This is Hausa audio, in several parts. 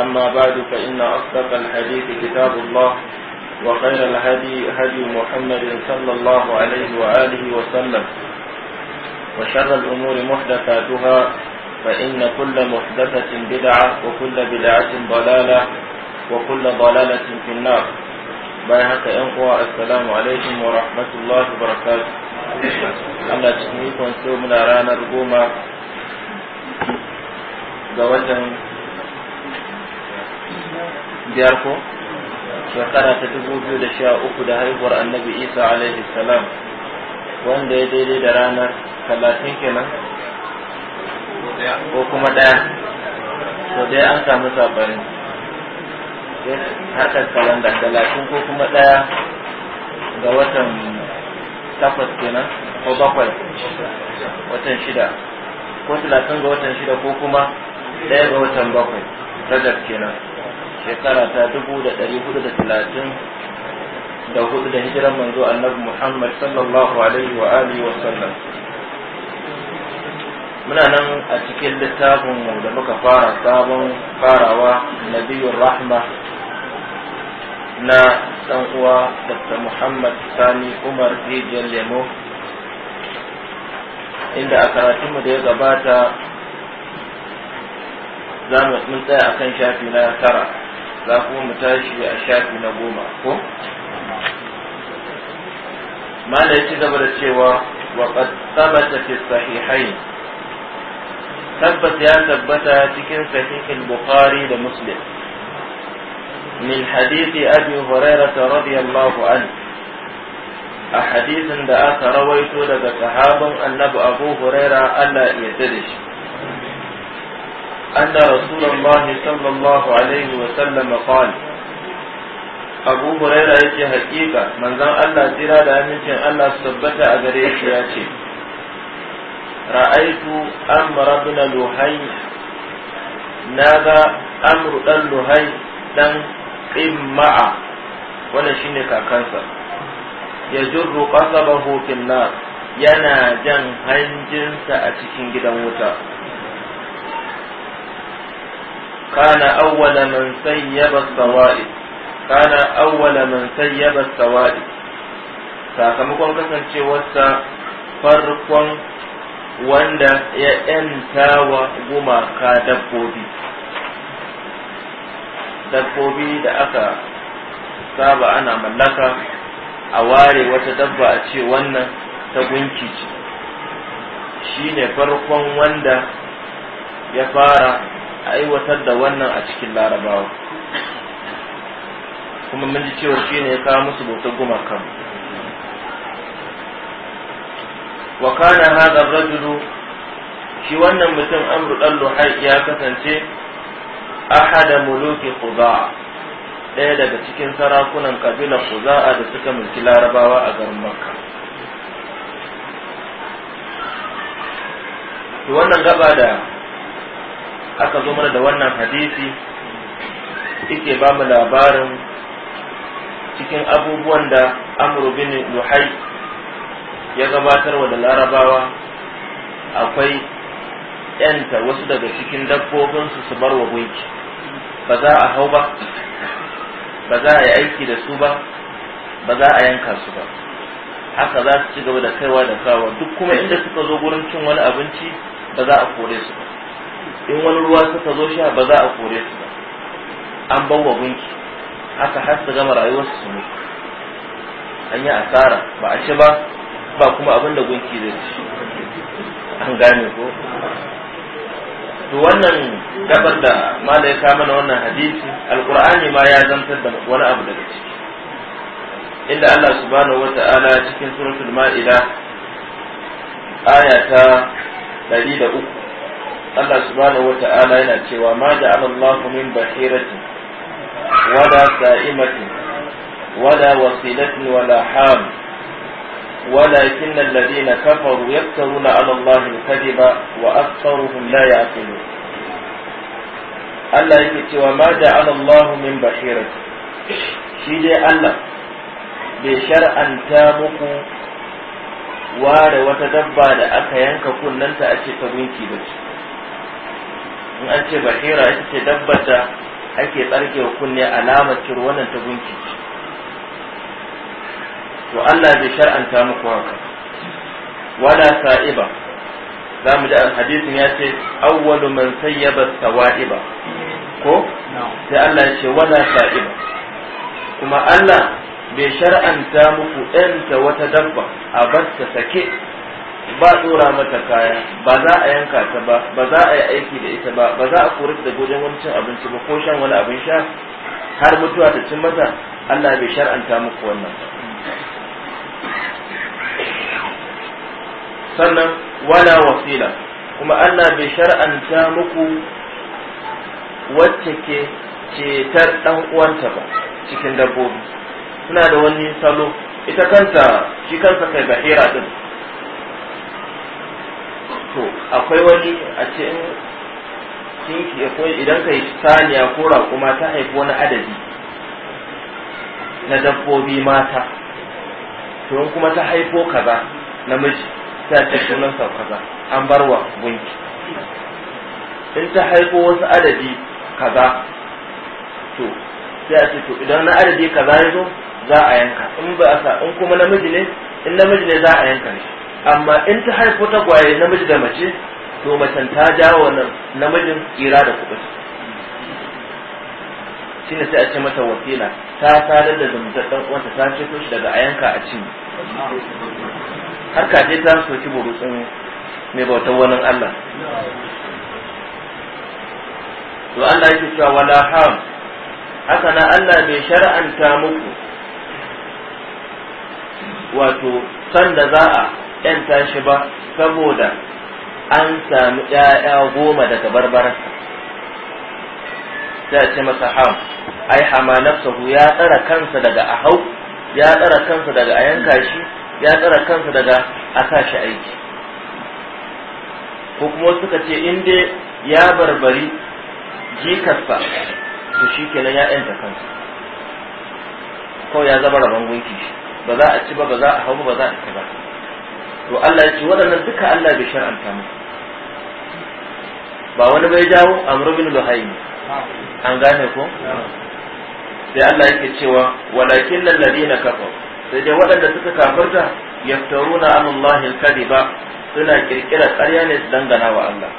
أما بعد فإن أصدق الحديث كتاب الله وخير الهدي هدي محمد صلى الله عليه وآله وسلم وشر الأمور محدثاتها فإن كل محدثة بدعة وكل بدعة ضلالة وكل ضلالة في النار بايعك إخوة السلام عليكم ورحمة الله وبركاته أنا تسميكم سومنا رانا رقوما ga biyar ko shekara ta dubu biyu da sha uku da haihuwar annabi isa alaihi salam wanda ya daidai da ranar talatin kenan ko kuma ɗaya to dai an samu sabarin haka kalanda talatin ko kuma ɗaya ga watan takwas kenan ko bakwai watan shida ko talatin ga watan shida ko kuma ɗaya ga watan bakwai rajar kenan shekara ta dubu da ɗari hudu da talatin da hudu da hijiran manzo annabi Muhammad sallallahu alaihi wa alihi wa sallam muna nan a cikin littafin mu da muka fara sabon farawa nabiyu rahma na dan uwa Dr. Muhammad Sani Umar Rijiyar Lemo inda a karatunmu da ya gabata za mu tsaya a kan shafi na tara za kuma mu tashi a shafi na goma ko mana ya ci gaba da cewa wa qad fi sahihayn tabbata ya tabbata cikin sahihin bukhari da muslim min hadithi abi hurairah radiyallahu anhu a hadisin da aka rawaito daga sahabin annabi abu huraira allah ya da shi أن رسول الله صلى الله عليه وسلم قال abu huraira yake hakika manzon Allah tsira da amincin Allah su tabbata a gare shi ya ce ra'aitu amr ibn luhay naga amr dan Luhai dan qimma'a wannan shine kakansa ya jurru qasabahu fil nar yana jan hanjinsa a cikin gidan wuta كان أول من سيب السوائد كان أول من سيب السوائد sakamakon kasancewarsa farkon wanda ya ‘yanta wa gumaka dabbobi dabbobi da aka saba ana mallaka a ware wata dabba a ce wannan ta gunki ce shi ne farkon wanda ya fara aiwatar da wannan a cikin larabawa kuma mun ji cewa shi ne ya kawo musu bauta guma wa kana hadha rajulu shi wannan mutum amru dan luhai ya kasance ahada muluki quba ɗaya daga cikin sarakunan kabilar quza'a da suka mulki larabawa a garin makka to wannan gaba da aka zo mana da wannan hadisi yake ba mu labarin cikin abubuwan da amru bin luhai ya gabatarwa da larabawa akwai yanta wasu daga cikin dabbobinsu su bar wa gunki ba za a hau ba ba za a yi aiki da su ba ba za a yanka su ba haka za su ci gaba da kaiwa da kawa duk kuma inda suka zo gurin cin wani abinci ba za a kore su ba in wani ruwa suka zo sha ba za a kore su ba an bawa gunki haka har su gama rayuwar su mutu an yi asara ba a ci ba ba kuma abin da gunki zai ci an gane ko to wannan gabar da mala ya kama na wannan hadisi alkur'ani ma ya zantar da wani abu daga ciki inda Allah subhanahu wa ta'ala cikin suratul ma'ida aya ta 103 Allah subhanahu ta'ala yana cewa ma ja'ala Allahu min bahiratin wala sa'imatin wala wasilatin wala ham ولكن الذين كفروا يفترون على الله الكذب وأكثرهم لا يعقلون Allah yake cewa ma ja'ala Allahu min bahirati shi dai Allah bai shar'anta muku da wata dabba da aka yanka kunnanta a ce ta gunki ba in an ce bahira ita ce dabbar da ake tsarkewa kunne alamar ciro wannan ta gunki to Allah bai shar'anta muku haka wala sa'iba za mu ji alhadisin ya ce awwalu man sayyaba sawa'iba ko sai Allah ya ce wala sa'iba kuma Allah bai shar'anta muku ɗanta wata dabba a bar ta sake ba dora mata kaya ba za a yanka ta ba ba za a yi aiki da ita ba ba za a kori da gogen wani cin abinci ba ko shan wani abin sha har mutuwa ta cin mata Allah bai shar'anta muku wannan sannan wala wasila kuma Allah bai shar'anta muku wacce ke cetar dan uwanta ba cikin dabbobi suna da wani salo ita kanta shi kansa kai bahira din to akwai wani a ce in kinki idan kai saniya ko raƙuma ta haifi wani adadi na dabbobi mata to in kuma ta haifo kaza namiji ta ce sunan sa kaza an bar wa gunki in ta haifo wasu adadi kaza to sai a ce to idan na adadi kaza ya zo za a yanka in ba a sa in kuma namiji ne in namiji ne za a yanka ne amma in ta haifo ta gwaye namiji da mace to macen ta jawo wannan namijin tsira da kuɗi shi ne sai a ce mata wakila ta sadar da zumuntar ɗan uwanta ta ce shi daga ayanka a cin har kaje ta soki burutsun mai bautar wani Allah to Allah yake cewa wala ham haka na Allah bai shar'anta muku wato sanda za a ƴan tashi ba saboda an sami ƴaƴa goma daga barbararsa sai a ce masa ham ai hama nafsahu ya tsara kansa daga a hau ya tsara kansa daga a yanka shi ya tsara kansa daga a sa shi aiki ko kuma suka ce in dai ya barbari jikarsa to shi kenan ya ƴanta kansa kawai ya zama rabon gunki ba za a ci ba ba za a hau ba za a ci ba to Allah ya ce waɗannan duka Allah bai shar'anta ba wani bai jawo amr bin ne. an gane ko sai Allah yake cewa walakin na kafaru sai dai waɗanda suka kafarta yaftaruna an Allah al ba suna kirkira ƙarya ne su dangana wa Allah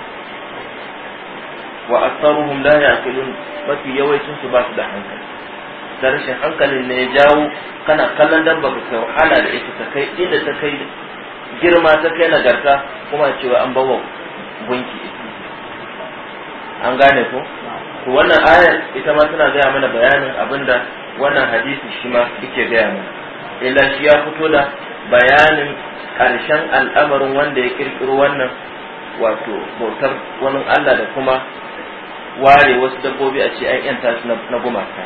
wa asaruhum la yaqilun mafi yawancin su ba da hankali da rashin hankalin ne ya jawo kana kallon dabba ka wahala da ita ta kai inda ta kai girma ta kai nagarta kuma cewa an bawa gunki an gane ko to wannan ayar ita ma tana gaya mana bayanin abinda wannan hadisi shi ma yake gaya mana illa shi ya fito da bayanin ƙarshen al'amarin wanda ya kirkiro wannan wato bautar wani Allah da kuma ware wasu dabbobi a ce an yanta su na gumaka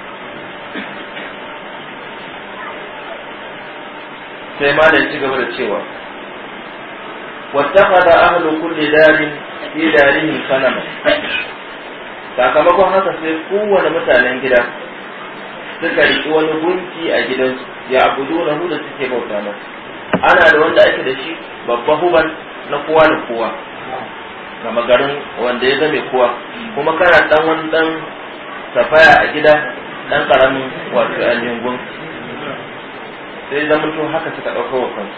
sai ma da ci gaba da cewa واتخذ أهل كل دار في دارهم صنما sakamakon haka sai kowane mutanen gida suka riƙi wani gunki a gidansu ya abudu na da suke bauta masa ana da wanda ake da shi babba huban na kowa da kowa gama garin wanda ya zame kowa kuma kana dan wani dan safaya a gida ɗan karamin wato ainihin sai zamanto haka suka ɗauka wa kansu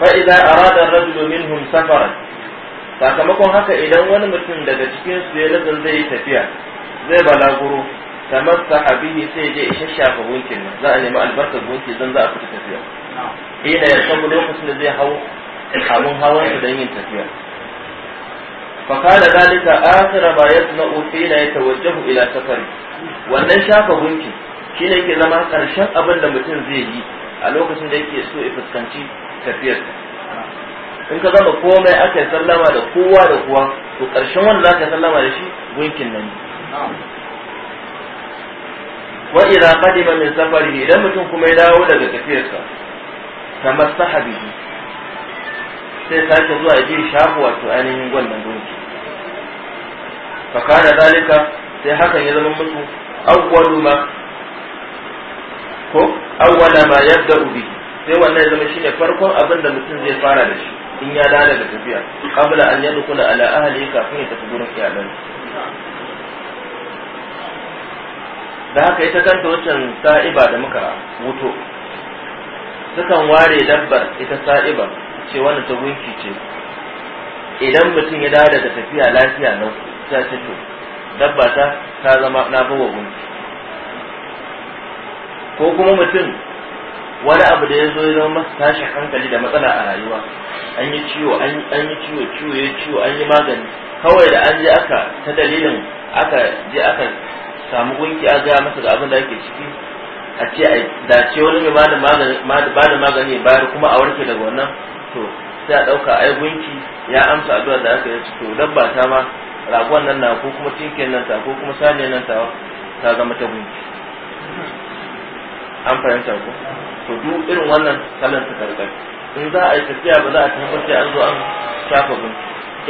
fa idza arada ar-rajulu minhum sakamakon haka idan wani mutum daga cikin su ya lazan zai yi tafiya zai balaguro kamar abihi sai je isha shafa gunkin nan za a nemi albarkar gunki zan za a fita tafiya ina ya sabu lokacin da zai hau abun hawan su don yin tafiya kana dalika akhira ma yasma'u ta yatawajjahu ila safari wannan shafa gunki shine yake zama karshen abin da mutum zai yi a lokacin da yake so ya fuskanci in ka zama komai aka yi sallama da kowa da kowa to ƙarshen wanda za ka sallama da shi gunkin nan wa idza qadima min safarihi idan mutum kuma ya dawo daga tafiyarsa kamar sahabi sai sake zuwa ji shafu wato ainihin wannan gunki fa kana zalika sai hakan ya zama musu awwalu ma ko awwala ma yabda'u bihi sai wannan zama shi ne farkon abin da mutum zai fara da shi in ya dada da tafiya kabla an kula ala ahali kafin ya tafi gurin iyalan da haka ita kanta wancan sa'iba da muka wuto sukan ware dabbar ita sa'iba ce wani ta gunki ce idan mutum ya dada da tafiya lafiya nan ta ce dabba ta zama na bawa gunki ko kuma mutum wani abu da ya zo ya zama masa tashin hankali da matsala a rayuwa an yi ciwo an yi ciwo ciwo ya ciwo an yi magani kawai da an je aka ta dalilin aka je aka samu gunki a gaya masa da abin da ake ciki a ce a dace wani mai ba magani magani bayar kuma a warke daga wannan to sai a ɗauka ai gunki ya amsa addu'a da aka yi to dabba ta ma ragon nan na ko kuma tinken nan ta ko kuma saniyar nan ta ta zama ta gunki an fahimta ko to duk irin wannan kalan ta gargaɗi in za a yi tafiya ba za a tafi sai an zo an shafa gun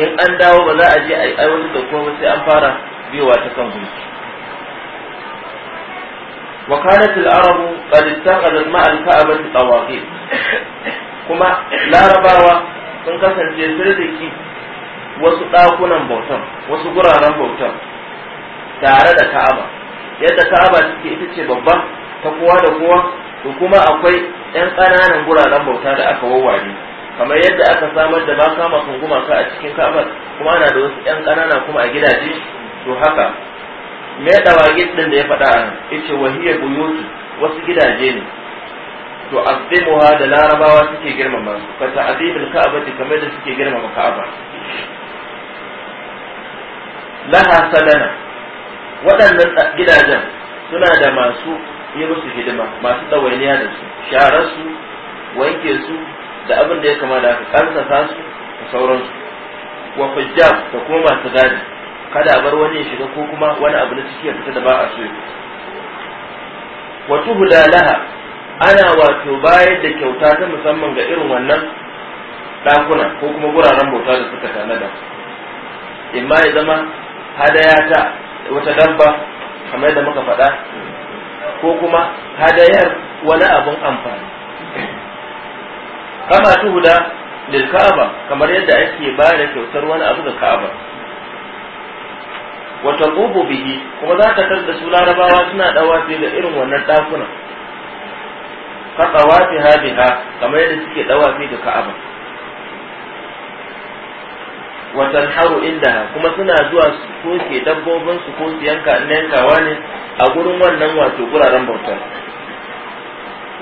in an dawo ba za a je a yi aiwatar da komai sai an fara biyowa ta kan gunki qad العرب ma al ka'aba الكعبة tawaqi kuma larabawa sun kasance sirriki wasu ɗakunan bautan wasu guraren bautan tare da ka'aba yadda ka'aba take ita ce babba ta kowa da kowa to kuma akwai yan ƙananan guraren bauta da aka wawware kamar yadda aka samar da baka makon gumaka a cikin ka'abar kuma ana da wasu yan ƙanana kuma a gidaje to haka me dawagin gidan da ya faɗa a nan yace wahiyar buyutu wasu gidaje ne to azimuha da larabawa suke girmama su fa ta'zimul ka'bati kamar da suke girmama ka'aba laha salana waɗannan gidajen suna da masu yi musu hidima masu ɗawainiya da su share su wanke su da abin da ya kama da aka kansasa su da sauransu wa fujjab da kuma masu gadi kada a bar wani ya shiga ko kuma wani abu na ciki ya fita da ba a so wato tuhda ana wato bayar da kyauta ta musamman ga irin wannan ɗakuna ko kuma guraren bauta da suka tanada imma ya zama hadaya ta wata dabba kamar yadda muka faɗa ko kuma hadayar wani abun amfani kama huda lil ka'aba kamar yadda ake ba da kyautar wani abu ga ka'aba wa tarbubu bihi kuma za ta da su larabawa suna dawafi da irin wannan dakuna ka tawafi hadiha kamar yadda suke dawafi ga ka'aba wa tanharu inda kuma suna zuwa ko koke dabbobin su ko su yanka in yankawa ne a gurin wannan wato guraren bautar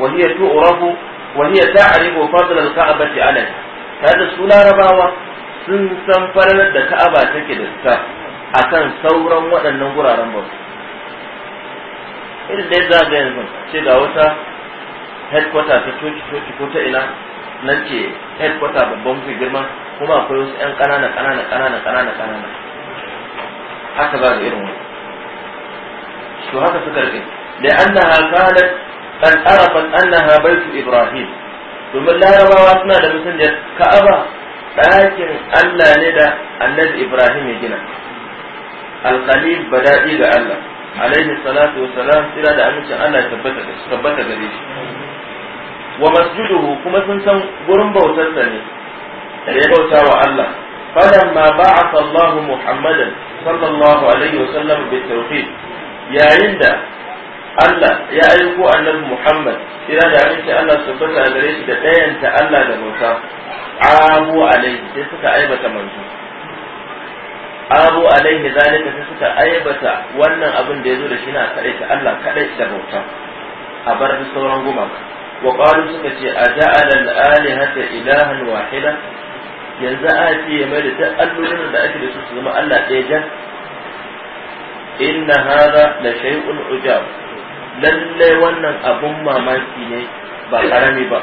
wa hiya tu'rafu wa hiya ta'rifu fadl al-ka'bati alai kada su larabawa sun san farar da ka'aba take da ta akan sauran waɗannan guraren bauta irin dai za ga yanzu ce ga wata headquarter ta coci coci ko ta ina nan ce headquarter babban fi girma kuma akwai wasu yan ƙanana ƙanana ƙanana ƙanana ƙanana haka ba da irin wani to haka suka rike da annaha kanat qad arafat annaha baitu ibrahim domin larabawa suna da mutum da ka'aba ɗakin Allah ne da annabi ibrahim ya gina ba bada'i ga Allah alaihi salatu wa salam tira da amincin Allah ya tabbata gare shi wa masjiduhu kuma sun san gurin bautarsa ne da ya bauta wa Allah ma ba'atha Allah Muhammadan sallallahu alaihi wa sallam bi tawhid yayin da Allah ya aiko annabi Muhammad ira da yake Allah subhanahu gare shi da ta Allah da bauta abu alaihi sai suka aibata manzo abu alaihi zalika sai suka aibata wannan abin da yazo da shi na kadai ta Allah kadai da bauta a bar sauran gumaka wa qalu suka ce aja'ala al-alihata ilahan wahida yanzu a ce ya mai da ta allolin da ake da su su zama Allah ɗaya jan inna hada da shay'un ujab lallai wannan abun mamaki ne ba karami ba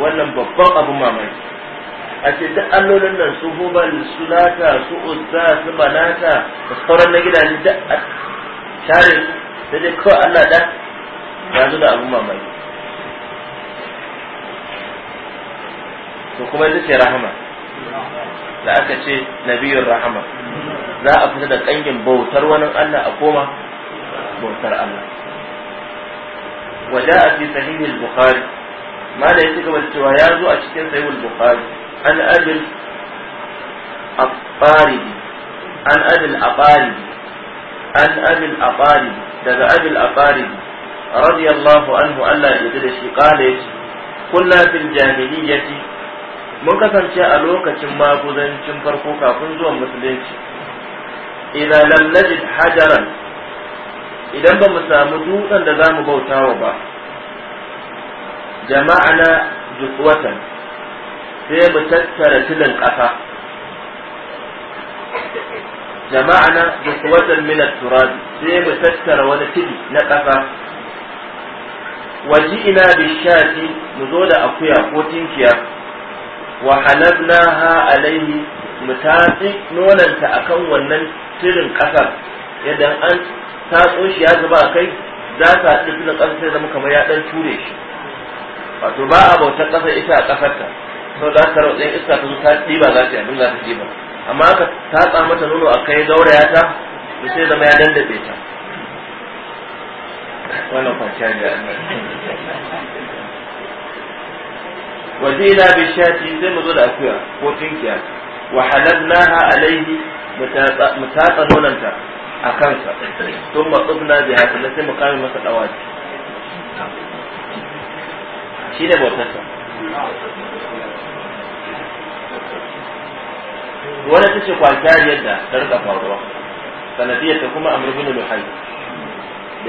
wannan babban abun mamaki a ce ta allolin nan su hubal su lata su uzza su manata da sauran na gidaje duk a share da dai kawai Allah da ba zo da abun mamaki to kuma ita ce rahama da aka ce nabiyun rahama za a fita da kangin bautar wani Allah a koma bautar Allah waje a fi sahihul bukhari ma da yake gaba cewa ya zo a cikin sahihul bukhari an abil aqaridi an abil aqaridi an abil aqaridi daga abil aqaridi radiyallahu anhu Allah ya da shi kale kunna fil jahiliyyati mun kasance a lokacin maguzancin farko kafin zuwan musulunci idan lam najid hajaran idan ba mu samu dutsen da zamu mu bautawa ba jama'ana jukwatan sai mu tattara tilin ƙasa jama'ana jukwatan min turab sai mu tattara wani tili na ƙasa waji ina bishati mu zo da akuya ko tinkiya wa halalnaha alaihi mu tatsi nonanta akan wannan tirin kasar yadda an tatso shi ya zuba a kai za ta haɗu filin ƙasa sai zama kamar ya ɗan ture shi wato ba a bautar ƙasa ita a ƙasar ta sau da ta rautsayin iska ta zo ta ɗiba za ta yi abin za ta ɗiba amma aka tatsa mata nono a kai gauraya ta to sai zama ya dandaɓe ta wannan kwanciya ne wajina bi shati sai mu zo da akuya ko tinkiya wa halalnaha alaihi mutatsa nonanta a kansa tun matsubna bi haka sai mu kame masa dawaki shi ne bautarsa wani ta ce kwanciyar da ta rika faruwa sanadiyar ta kuma amur bin luhai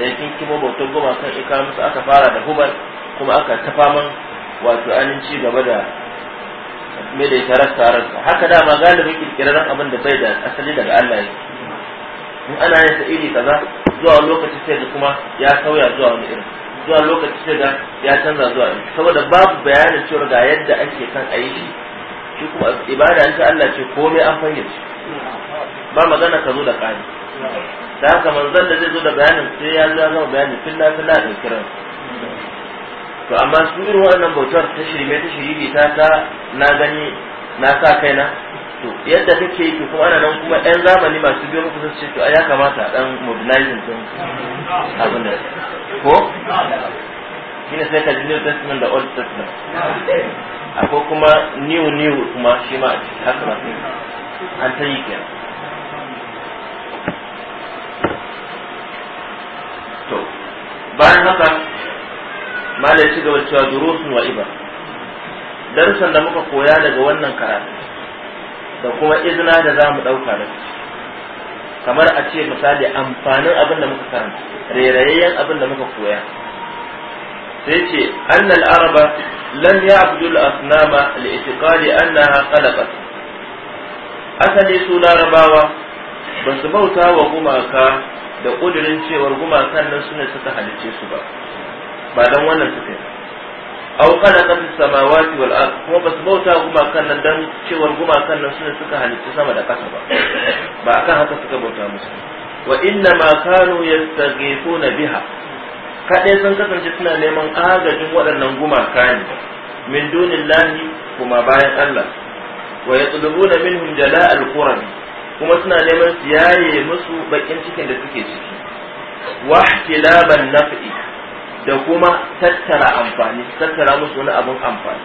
da ya kinki bautar goma kan aka fara da hubar kuma aka ta faman wato anin ci gaba da mai da ita rasta rasta haka dama galibin kirkirar abin da bai da asali daga Allah ya in ana yin sa iri kaza zuwa lokaci sai da kuma ya sauya zuwa wani irin zuwa lokaci sai da ya canza zuwa irin saboda babu bayanin cewa ga yadda ake kan a yi shi shi kuma ibada ta Allah ce komai an fahimci. ba magana ka zo da ƙari da haka manzon da zai zo da bayanin sai ya zama bayanin filla filla da kiransa to amma su irin waɗannan bautar ta mai ta shiriri ta ta na gani na sa kaina to yadda kake yi to kuma ana nan kuma ɗan zamani masu biyo muku sun ce to ya kamata ɗan mobilizing ɗin abin da ko shi ne sai ka ji new testament da old testament akwai kuma new new kuma shi ma a ciki haka ba an ta yi kenan to bayan haka malai ci gaba cewa durusun wa iba darussan da muka koya daga wannan karatu da kuma izina da za mu ɗauka da kamar a ce misali amfanin abin da muka karanta rairayayyen abin da muka koya sai ce annal araba lam ya abdul asnama li itiqadi annaha qalaqat asali su larabawa ba su bauta wa gumaka da ƙudirin cewar gumakan nan suna suka halice su ba ba dan wannan suka yi aw khalaqa samawati wal ard kuma basu bauta kan nan dan cewar kan nan suna suka halitta sama da kasa ba ba akan haka suka bauta musu wa inna ma kanu yastaghifuna biha kadai sun kasance suna neman agajin waɗannan gumaka ne min dunillahi kuma bayan Allah wa yatlubuna minhum jala'al qurbi kuma suna neman su yaye musu bakin cikin da suke ciki wa ihtilaban naf'i da kuma tattara amfani tattara musu wani abun amfani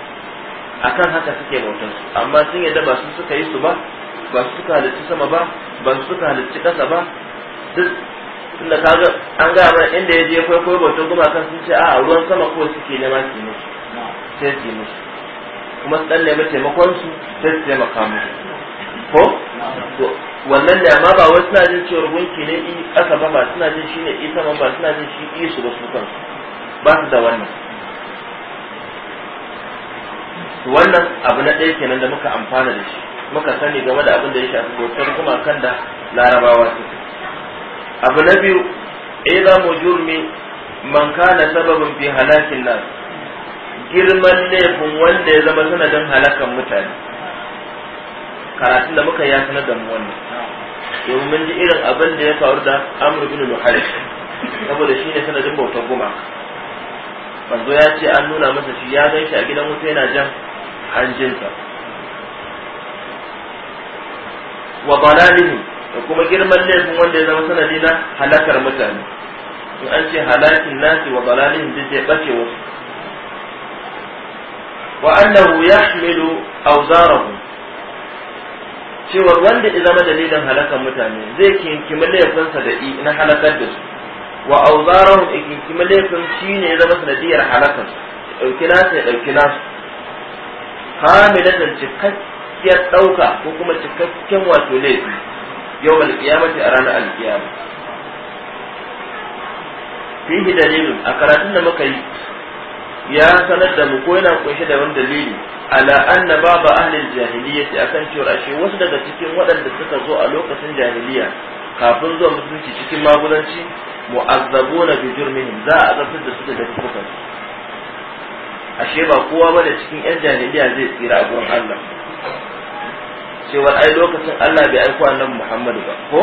akan haka suke bautar su amma sun yadda ba su suka yi su ba ba su suka halitta sama ba ba su suka halitta kasa ba duk tunda kaga an ga mana inda ya je kwaikwayo bautar gumakan sun ce a ruwan sama ko suke nema su ne sai su musu kuma su dan nemi taimakon su sai su taimaka musu ko wannan ne amma ba wasu suna jin cewa gunki ne i kasa ba ba suna jin shi ne i sama ba suna jin shi i su ba su kansu ba su da wannan wannan abu na ɗaya kenan da muka amfana da shi muka sani game da abin da ya shafi bautar kuma kan da larabawa su abu na biyu ila jurmi man kana sababin fi halakin nan. girman laifin wanda ya zama sanadin halakan mutane karatun da muka ya sanar da mu wannan domin ji irin abin da ya faru da amr bin muharib saboda shi ne sanadin bautar gumaka manzo ya ce an nuna masa shi ya gaishe a gidan wuta yana jan hanjinsa wa balalihi da kuma girman laifin wanda ya zama sanadi na halakar mutane in an ce halakin nasi wa balalihi duk zai bace wasu wa annahu yahmilu awzarahu cewa wanda ya zama dalilin halakar mutane zai kinkimi laifinsa da i na halakar da su wa auzarahum ikinki malaikun shine ya zama sanadiyar halakan dauki nasu ya dauki nasu kamilatan cikakkiyar dauka ko kuma cikakken wato laifi yau alkiyamati a ranar alkiyama fihi dalilin a karatun da muka yi ya sanar da mu ko yana kunshe da wani dalili ala anna baba ahlil jahiliyyati akan cewa shi wasu daga cikin waɗanda suka zo a lokacin jahiliya kafin zuwa musulunci cikin magulanci na bi jurmihim za a azabtar da su da dukkan ashe ba kowa ba da cikin yan jahiliya zai tsira a gurin Allah cewa ai lokacin Allah bai aiko annabi Muhammadu ba ko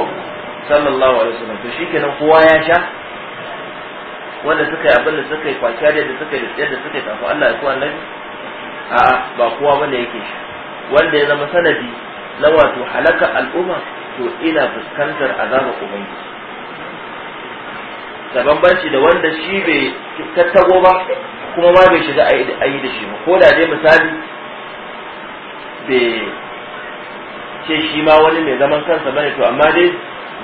sallallahu alaihi wasallam to shikenan kowa ya sha wanda suka yi abin da suka yi kwaciya da suka yi da suka yi tafi Allah ya aiko nan? a'a ba kowa bane yake sha wanda ya zama sanadi na wato halaka al'umma to ina fuskantar azabar ubangiji da bambanci da wanda shi bai tattago ba kuma ma bai shiga a yi da shi ba ko da dai misali bai ce shi ma wani mai zaman kansa bane to amma dai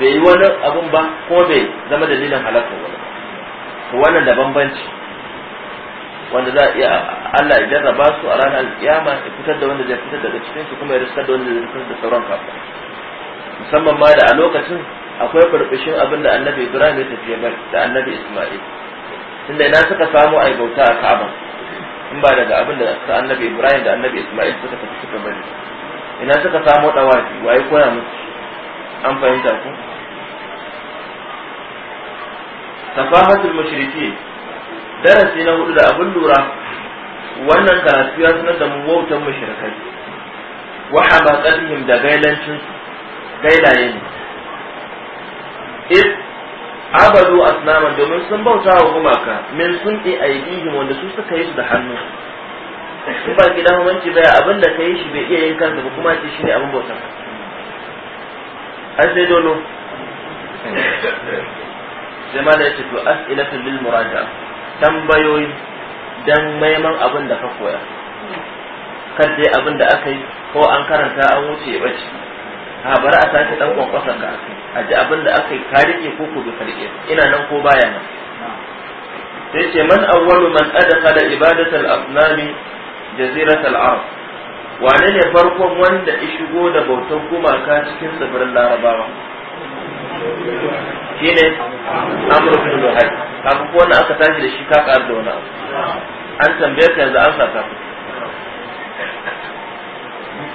bai yi wani abun ba ko bai zama dalilin halakar wani to wannan da bambanci wanda za a iya Allah ya jarraba su a ranar kiyama ya fitar da wanda zai fitar daga cikin su kuma ya riskar da wanda zai fitar da sauran kafa musamman ma da a lokacin akwai burbushin abin da annabi ibrahim ya tafiye mai da annabi isma'il tunda ina suka samu ai bauta a ka'aba in ba daga abin da suka annabi ibrahim da annabi isma'il suka tafi suka bari ina suka samu dawaki waye koya musu an fahimta ku tafahatul mushriki darasi na hudu da abin lura wannan karatu ya sanar da mu wautan mushrikai wa hamaqatihim da gailancin su gailaye ne iz abadu asnama domin sun bauta wa gumaka min sun ɗi aidihim wanda su suka yi su da hannu in ba ki dama manci baya abin da ka yi shi bai iya yin kansa ba kuma ce shi ne abin bautar an sai dole sai ma da ya ce to as'ilatul lil muraja tambayoyi dan maiman abin da ka koya kar dai abin da aka yi ko an karanta an wuce ya bace ha bari a sake dan kwankwasa ka a ji abin da aka yi ka rike ko ku bi rike ina nan ko baya nan sai ce man awwalu man adkhala ibadat al-asnam jazirat al-arab wane ne farkon wanda ya shigo da bautan gumaka cikin tsibirin larabawa shine amru bin luhai kafin ko wanda aka tashi da shi ka ƙar da wani an tambaye ka yanzu an saka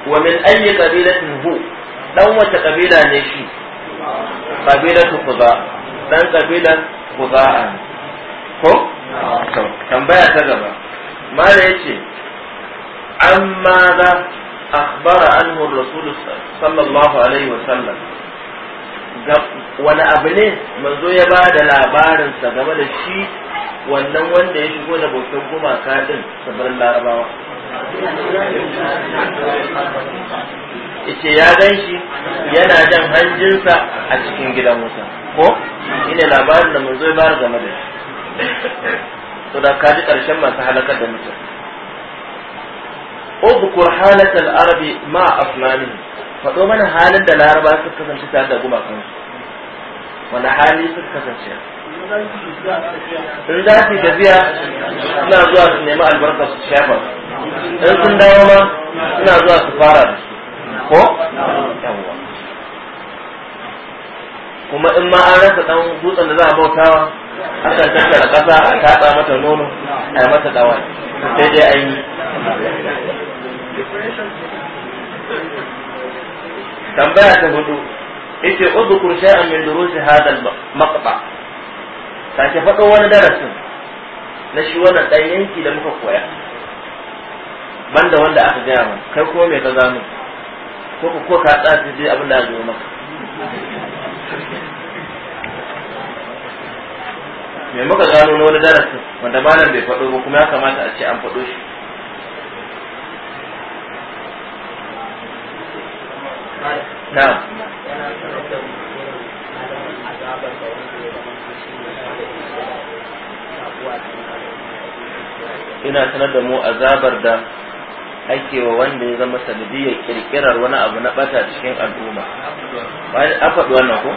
wa min ayyi qabilatin hu dan wata kabila ne shi kabilatu kuza dan kabilan kuza ko tambaya ta gaba mala yace amma da akhbara anhu rasul sallallahu alaihi wa sallam wani abu ne manzo ya ba da labarinsa game da shi wannan wanda ya shigo da bautar gumaka din sabar larabawa yace ya gan shi yana jan hanjinsa a cikin gidan wuta ko shine labarin da manzo ya bayar game da shi to da kaji karshen masu halakar da mutum اذكر حالة ma مع أصنامهم faɗo mana halin da laraba suka kasance tare da su wani hali suka kasance in za su tafiya suna zuwa su nemi albarka su shafa in sun dawo ma suna zuwa su fara da su ko yawwa kuma in ma an rasa dan dutsen da za a bautawa akan tattara kasa a tatsa mata nono a yi mata dawa sai dai an yi tambaya ta hudu yace udhkur a min durusi hadha makaba Ta ke faɗo wani darasin na shi wannan ɗan yanki da muka koya banda wanda aka gaya mu kai ko mai ka gano ko ko ka tsaya dai abin da zo maka me muka gano na wani darasin wanda malam bai faɗo ba kuma ya kamata a ce an faɗo shi ina sanar da mu azabar da ake wa wanda ya zama sanadiyar kirkirar wani abu na bata cikin al'umma an faɗi wannan ko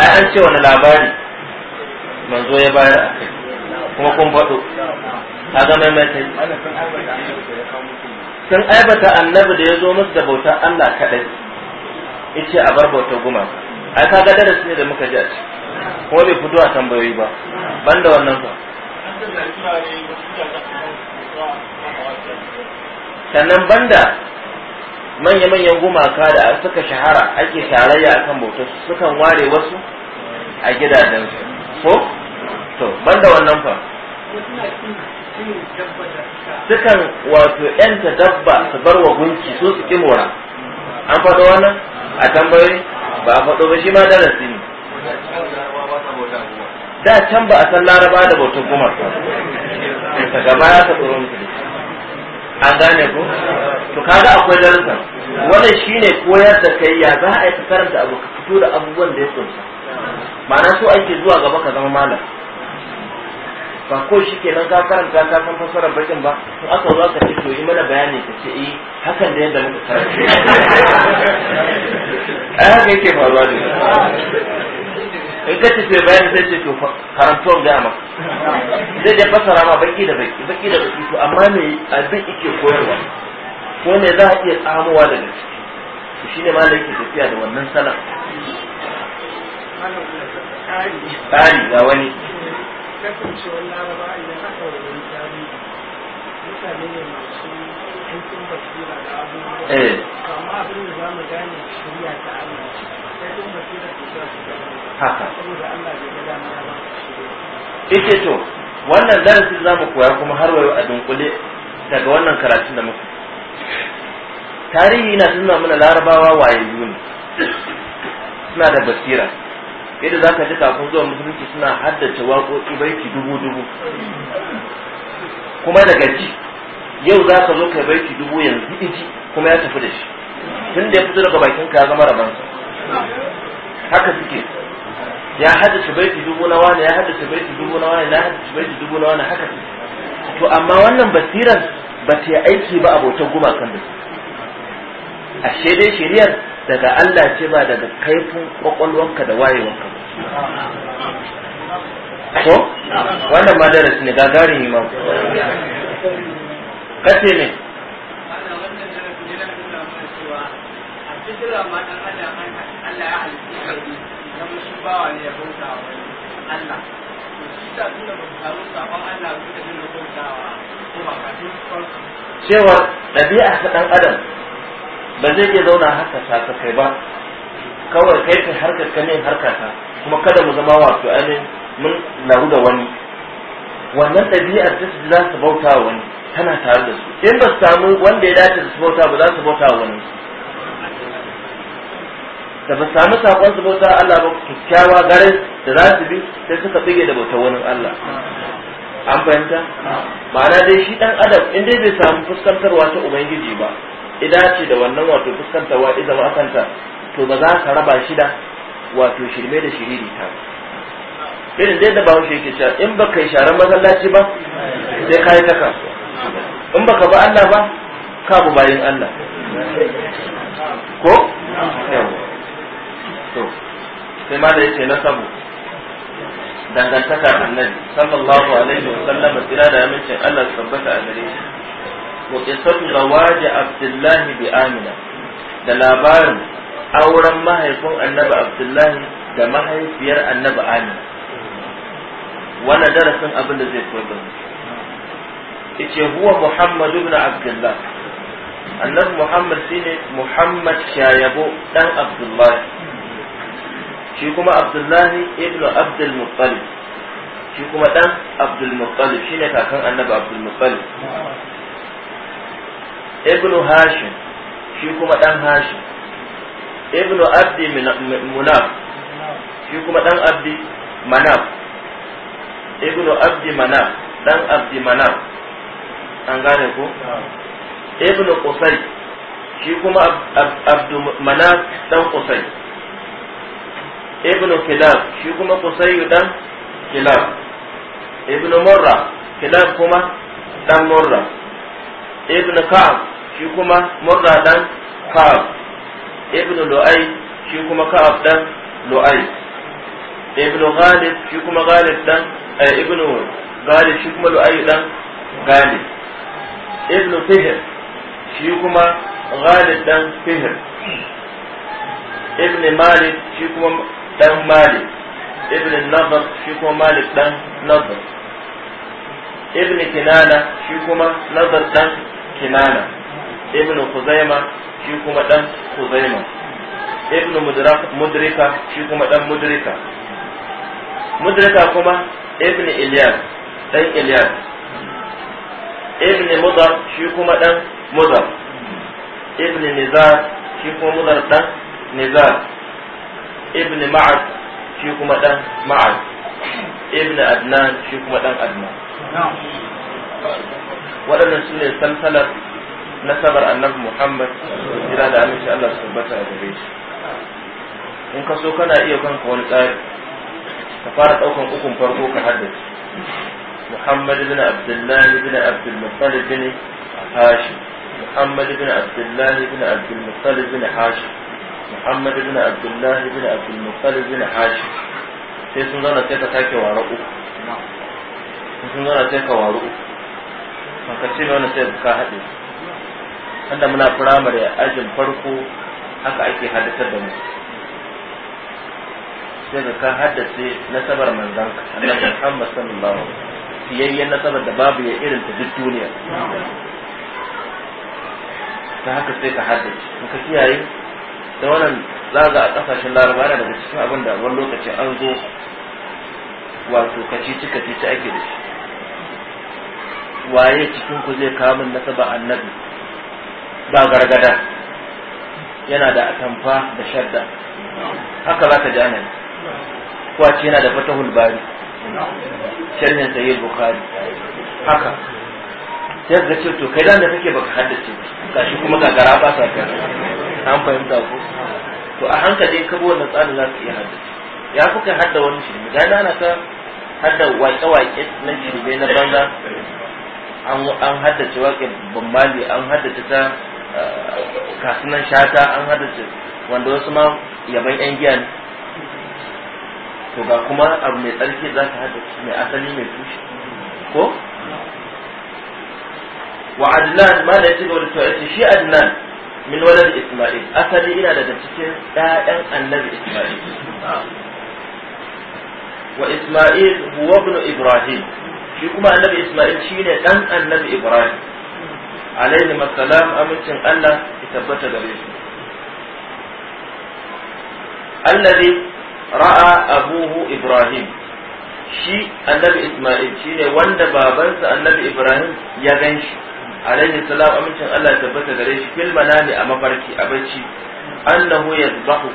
a an ce wani labari manzo ya bayar kuma kun faɗo ta zama mai sun aibata annabi da ya zo musu da bautar Allah kaɗai ice a bar bautar guma. ai ga darasi ne da muka ji a ci kuma bai fito a tambayoyi ba banda wannan ba sannan banda manya-manyan gumaka da suka shahara ake tarayya akan bautar su sukan ware wasu a gidajensu ko to banda wannan fa sukan wato yanta dabba su bar wa gunki su su kimora an faɗo wannan a tambayoyi ba a faɗo ba shi ma darasi ne da can ba a san laraba da kuma gumaka gaba ya ka tsoro musulunci an gane ko to kaga akwai darussa wannan shine koyar da kai ya za a yi karanta abu ka fito da abubuwan da ya kunsa ma'ana so ake zuwa gaba ka zama malam ba ko shi nan ka karanta ka san fassarar bakin ba to aka zo aka ce to yi mana bayani ka ce eh hakan da yadda muka karanta ai haka yake faruwa ne in ka tafi bayan zai ce to karantuwar gaya maka zai je fasara ma baki da baki baki da baki to amma me abin yake koyarwa ko ne za a iya tsamowa da ciki to ne ma da yake tafiya da wannan salam tsari ga wani kasancewar ne haka ita to wannan darasi za mu koya kuma har wayo a dunkule daga wannan karatun da muka tarihi na nuna mana larabawa waye ne suna da basira yadda za ka ji kafin zuwa musulunci suna haddace waƙoƙi baiti dubu dubu kuma daga ji yau za ka zo kai baiti dubu yanzu iji kuma ya tafi da shi tun da ya fito daga bakin ka zama rabansa haka suke ya haddace baiti dubu na wani ya haddace baiti dubu na wani ya haddace baiti dubu na wani haka to amma wannan basiran ba ta yi aiki ba abotan gumakan da ashe dai shiriyar daga Allah ce ba daga kaifin kwakwalwanka da wayewanka ba ko wannan ma darasi ne gagarin ma kace ne Allah ya halitta ba cewa ɗabi'a ta ɗan adam ba zai iya zauna haka ta kai ba kawai kai kai harkar ka ne harkar ta kuma kada mu zama wato ainihin mun da wani wannan ɗabi'ar ta su za wani tana tare da su in ba su samu wanda ya dace da su bauta ba za su bauta wa wani da ba samu sakon su bauta Allah ba kyakkyawa garin da za su bi sai suka tsige da bautar wani Allah an fahimta ma'ana dai shi dan adam in dai bai samu fuskantarwa ta ubangiji ba ida ce da wannan wato fuskantarwa idan ma kanta to ba za ka raba shi da wato shirme da shiriri ta irin dai da shi yake cewa in ba kai sharan masallaci ba sai ka yi ta in baka ba Allah ba ka bu bayin Allah ko yawa to sai ma da na nasabu dangantaka annabi sallallahu alaihi wa sallam kira da yamince Allah tabbata a gare shi wa qisatu zawaj Abdullah bi Amina da labarin auren mahaifin annabi Abdullah da mahaifiyar annabi Amina wannan darasin abin da zai koyar da mu yace huwa Muhammad ibn Abdullah annabi Muhammad shine Muhammad Shayabo dan Abdullah shi kuma abdullahi ibn abdul muttalib shi kuma dan abdul muttalib shine kakan annabi abdul muttalib ibn hashim shi kuma dan hashim ibn abdi munaf shi kuma dan abdi manaf ibn abdi manaf dan abdi manaf an gane ko ibn qusay shi kuma abdu manaf dan qusay ibnu kilab shi kuma kusayyu dan kilab ibnu murra kilab kuma dan murra ibnu ka'ab shi kuma murra dan ka'ab ibnu lu'ay shi kuma ka'ab dan lu'ay ibnu ghalib shi kuma ghalib dan eh, ibnu ghalib shi kuma lu'ay dan ghalib ibnu fihr shi kuma ghalib dan fihr ibn malik shi kuma dan malik ibn nadar shi kuma malik dan nadar ibn kinana shi kuma nadar dan kinana ibn khuzaima shi kuma dan khuzaima ibn mudrika shi kuma dan mudrika mudrika kuma ibn ilyas dan ilyas ibn mudar shi kuma dan mudar ibn nizar shi kuma mudar dan nizar ibn ma'ad shi kuma dan ma'ad ibn adnan shi kuma dan adnan waɗannan su ne salsalar nasabar annabi muhammad jira da aminci allah su tabbata a gare shi in ka so kana iya kanka wani tsari ka fara ɗaukan ukun farko ka haddace muhammad ibn abdullahi ibn abdulmuttalib ibn hashim muhammad ibn abdullahi ibn abdulmuttalib ibn hashim muhammad bin abdullah bin abdul muttalib bin hashim sai sun zauna sai ka sake ware uku sun zauna sai ka ware uku ka ce mai wani sai ka haɗe wanda muna firamare ajin farko haka ake haddatar da mu sai da ka haddace nasabar manzon annabi Muhammad sallallahu alaihi wasallam fiyayyen nasabar da babu ya irin ta duk duniya ta haka sai ka haddace in ka kiyaye da wannan zaga a kasashen laraba yana daga cikin abin da wani lokacin an zo wato kacici kacici ake da shi waye cikin ku zai kawo min nasaba annabi ba gargada yana da atamfa da shadda haka za ka jana ne kwace yana da fatahul bari shirin sayi bukari haka sai ka ce to kai dan da kake baka haddace ba gashi kuma gagara ba sa gara an fahimta ko to a hankali ka bi wannan tsarin za ka iya haddace ya fi kai hadda wani shirme gani ana ka hadda waƙe-waƙe na shirme na banza an haddace waƙe bambali an haddace ta eh, kasunan shata an haddace wanda wasu ma yaban yan giya ne to ga kuma abu mai tsarki za ka haddace mai asali mai tushe ko wa adnan ma da ya ci gaba da shi adnan min walad isma'il asali ina daga cikin ɗayan annabi isma'il wa isma'il huwa ibn ibrahim shi kuma annabi isma'il shine dan annabi ibrahim alaihi masalam amincin Allah ya tabbata gare shi alladhi ra'a abuhu ibrahim shi annabi isma'il shine wanda babansa annabi ibrahim ya ganshi alaihi salam amincin Allah ya tabbata gare shi fil manami a mafarki a bacci annahu yadbahu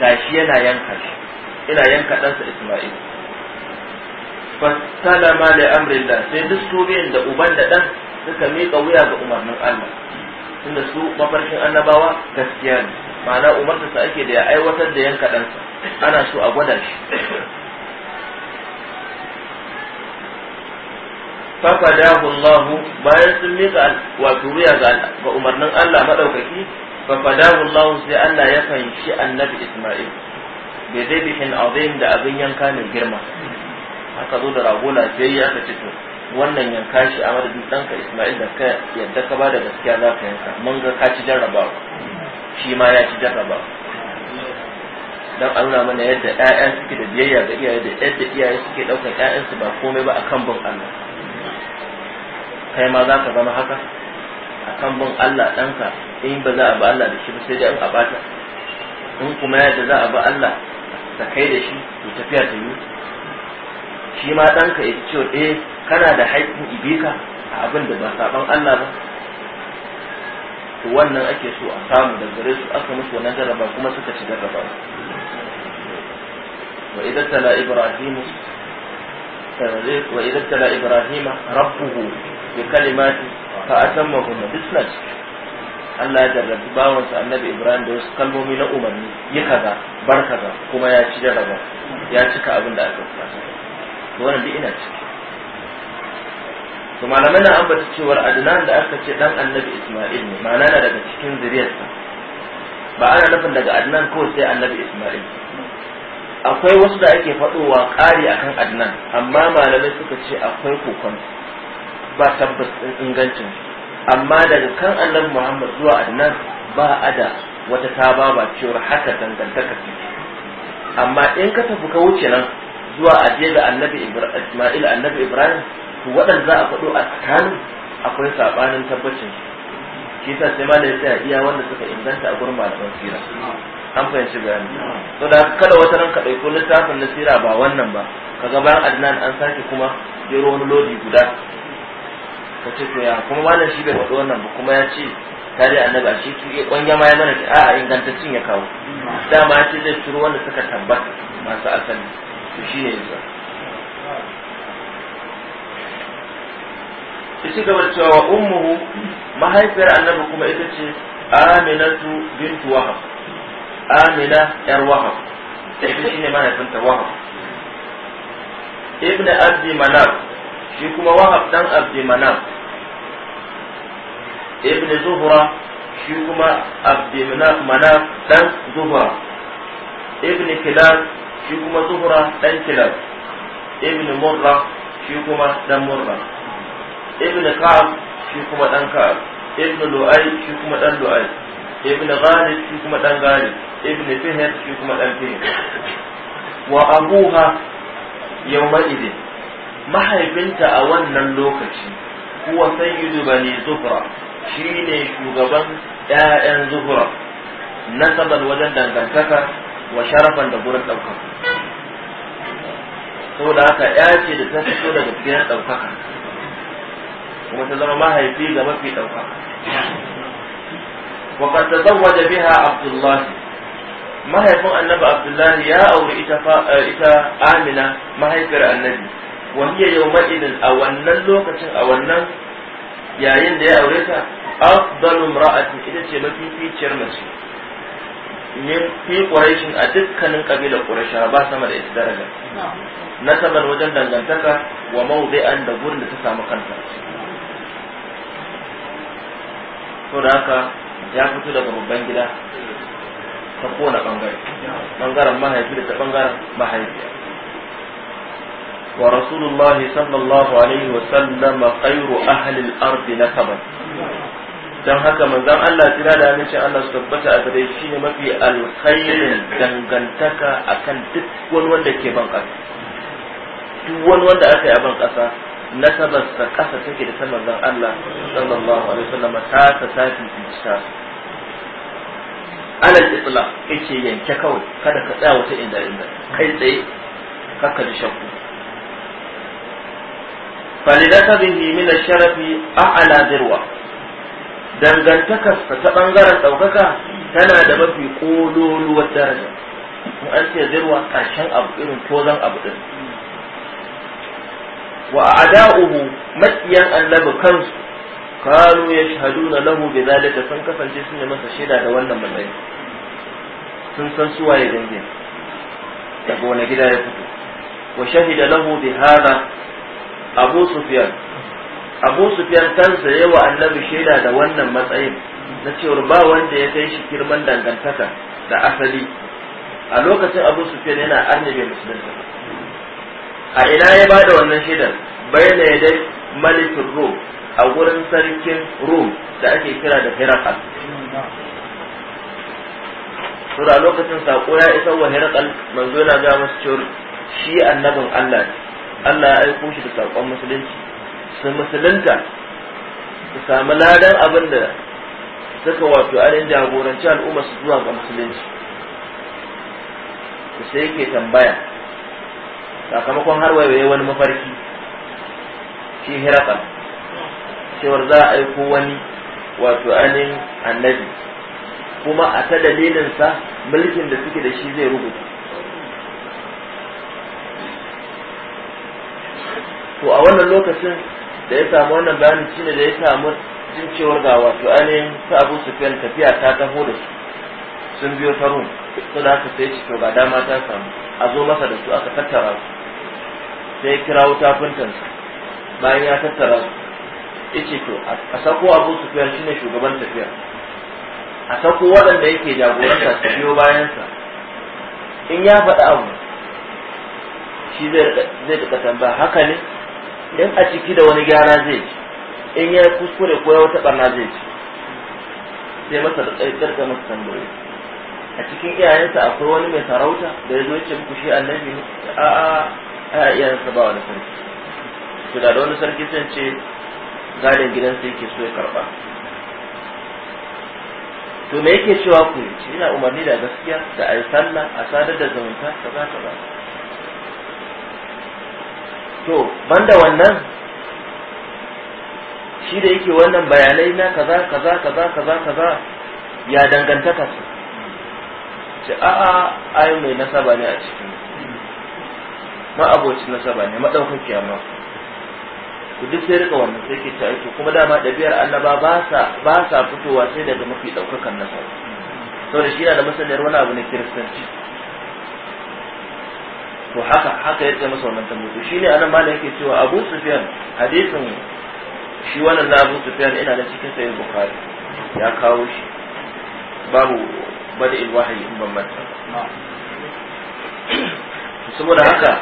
gashi yana yanka shi ina yanka ɗansa Isma'il fasalama li amrillah sai duk su da uban da ɗan suka mika wuya ga umarnin Allah tunda su mafarkin annabawa gaskiya ne ma'ana umarta ake da ya aiwatar da yanka ɗansa ana so a gwada shi fafadahu Allah bayan sun miƙa wato wuya ga umarnin Allah Fafa fafadahu Allah sai Allah ya fahimci annabi Isma'il bi dhabhin azim da abin yanka mai girma aka zo da rago lafiyayya aka ce to wannan yanka shi a madadin ɗanka Isma'il da ka yadda ka bada gaskiya za ka yanka mun ga ka ci jarraba shi ma ya ci jarraba dan a mana yadda ƴaƴan suke da biyayya ga iyaye da yadda iyaye suke ɗaukar ƴaƴansu ba komai ba akan bin Allah kai ma za ka zama haka A kan bin Allah ɗanka in ba za a ba Allah da shi ba sai dai a bata in kuma yadda za a ba Allah ta kai da shi to tafiya ta yi shi ma ɗanka ya ce eh kana da haƙƙin ibika a abin da ba saban Allah ba to wannan ake so a samu da gare su aka musu wannan jarraba kuma suka ci jarraba wa idan tala ibrahim wa idan tala bi kalimati fa atammahunna suna Allah ya jarrabi sa annabi Ibrahim da wasu kalmomi na umarni yi kaza bar kaza kuma ya ci jarraba ya cika abin da aka fasa to wannan duk ina ci to malamai na ambata cewar Adnan da aka ce dan annabi Isma'il ne ma'ana na daga cikin zuriyarsa ba ana nufin daga Adnan kawai sai annabi Isma'il akwai wasu da ake faɗowa ƙari akan Adnan amma malamai suka ce akwai kokon ba tabbas ɗin ingancin amma daga kan annabi muhammad zuwa adnan ba a da wata ta ba cewa haka dangantaka ce. amma in ka tafi ka wuce nan zuwa aje da annabi isma'il annabi ibrahim to waɗanda za a faɗo a tsakanin akwai saɓanin tabbacin shi sa sai ma da ya tsaya iya wanda suka inganta a gurin malaman sira an fahimci bayani to da kada wata ranka ɗauko littafin na sira ba wannan ba kaga bayan adnan an sake kuma jero wani lodi guda ka ce to ya kuma malam shi bai faɗi wannan ba kuma ya ce tare annabi a shi tuye kwanya ma ya mana ta a'a ingantaccen ya kawo dama ya ce zai turo wanda suka tabbata masu asali to shi ne yanzu ci gaba cewa wa ummuhu mahaifiyar annabi kuma ita ce aminatu bintu wahab amina yar wahab da ita shine mahaifinta wahab ibn abdi manaf shi kuma wahab dan abdi manaf ibn zuhra shi kuma abdulmanaf dan zuhra ibn kilab shi kuma zuhra dan kilab ibn murra shi kuma dan murra ibn ka'ab shi kuma dan ka'ab ibn lu'ay shi kuma dan lu'ay ibn ghalib shi kuma dan ghalib ibn fihr shi kuma dan fihr wa abuha yawma idin mahaifinta a wannan lokaci huwa sayyidu bani zuhra shine shugaban ƴaƴan zuhura nasaban wajen dangantaka wa sharafan da gurin ɗaukaka saboda haka ya ce da ta fito daga cikin ɗaukaka kuma ta zama mahaifi ga mafi ɗaukaka wa zan tazawwaja biha Abdullahi, mahaifin annabi Abdullahi ya aure eh, ita amina mahaifiyar annabi wani yau yawma a wannan lokacin a wannan yayin da ya aure ta afdalu imra'atin ita ce mafificiyar mace min fi quraishin a dukkanin kabilar quraisha ba sama da ita daraja nasaban wajen dangantaka wa mawdi'an da gurin da ta samu kanta to da haka ya fito daga babban gida ta kona bangare bangaren mahaifi da ta bangaren mahaifiya ورسول الله صلى الله عليه وسلم خير أهل الأرض نسبا dan haka manzon Allah tira da amince Allah su tabbata a gare shi ne mafi alkhairin dangantaka akan duk wani wanda ke ban ƙasa duk wani wanda aka yi a ban ƙasa nasabar sa ƙasa take da ta manzon Allah sallallahu alaihi wasallam ta ta tafi ta alal isla yake yanke kawai kada ka tsaya wata inda inda kai tsaye kakka ji shakku فلنسبه من الشرف أعلى ذروة dangantakarsa ta ɓangaren ɗaukaka tana da mafi ƙololuwar daraja in an ce zirwa ƙarshen abu irin tozon abu ɗin wa ada'uhu maƙiyan annabi kansu kanu ya shahadu na lahu bi zalika sun kasance sun yi masa shaida da wannan matsayi sun san suwaye dangin daga wani gida ya fito wa shahida lahu bi hada abu sufyan abu sufyan kansa yawa annabi shaida da wannan matsayin na cewar ba wanda ya kai shi girman dangantaka da asali a lokacin abu sufyan yana annabi musulunta a ina ya ba da wannan shaidar bayyana ya dai malikin rom a wurin sarkin rom da ake kira da herakal sura lokacin sako ya isa wa herakal manzo yana ga masu cewar shi annabin allah ne Allah ya aiko shi da saƙon musulunci su musulunta su sami ladan abin da suka wato ainihin jagoranci al'umma su zuwa ga musulunci su sai yake tambaya sakamakon har waiwaye wani mafarki shi hiraka cewar za a aiko wani wato ainihin annabi kuma a ta dalilinsa mulkin da suke da shi zai rubuta to a wannan lokacin da ya samu wannan bayanin shine da ya samu jin cewar ga wato ainihin ta abu sufiyan tafiya ta taho da su sun biyo ta rum to da aka sai to ga dama ta samu a zo masa da su aka tattara su sai kira wuta su bayan ya tattara su yace to a sako abu sufiyan shine shugaban tafiya a sako waɗanda yake jagoranta su biyo bayansa in ya faɗi abu shi zai rika tambaya haka ne in a ciki da wani gyara zai ci in ya kuskure ko ya wata barna zai ci sai masa da tsarka masa tambayoyi a cikin iyayensa akwai wani mai sarauta da ya zo ya ce muku shi annabi a a a iyayensa ba wani sarki to da wani sarki sai ce gadin gidansa yake so ya karba to me yake cewa ku yi ina umarni da gaskiya da ayi sallah a sadar da zamanta kaza kaza to banda wannan shi da yake wannan bayanai na kaza kaza kaza kaza kaza ya dangantaka su ce a'a ai mai nasaba ne a cikin ma'abocin nasaba ne maɗaukakiya ma ku duk sai rika wannan sai ke ta aiki kuma dama ɗabi'ar annaba ba sa ba sa fitowa sai daga mafi ɗaukakan nasaba saboda shi yana da masaniyar wani abu na kiristanci to haka haka ya masa wannan tambayo shi ne anan malam yake cewa Abu Sufyan hadisin shi wannan na Abu Sufyan ina da cikin sahih Bukhari ya kawo shi babu bada ilwahi in ban manta saboda haka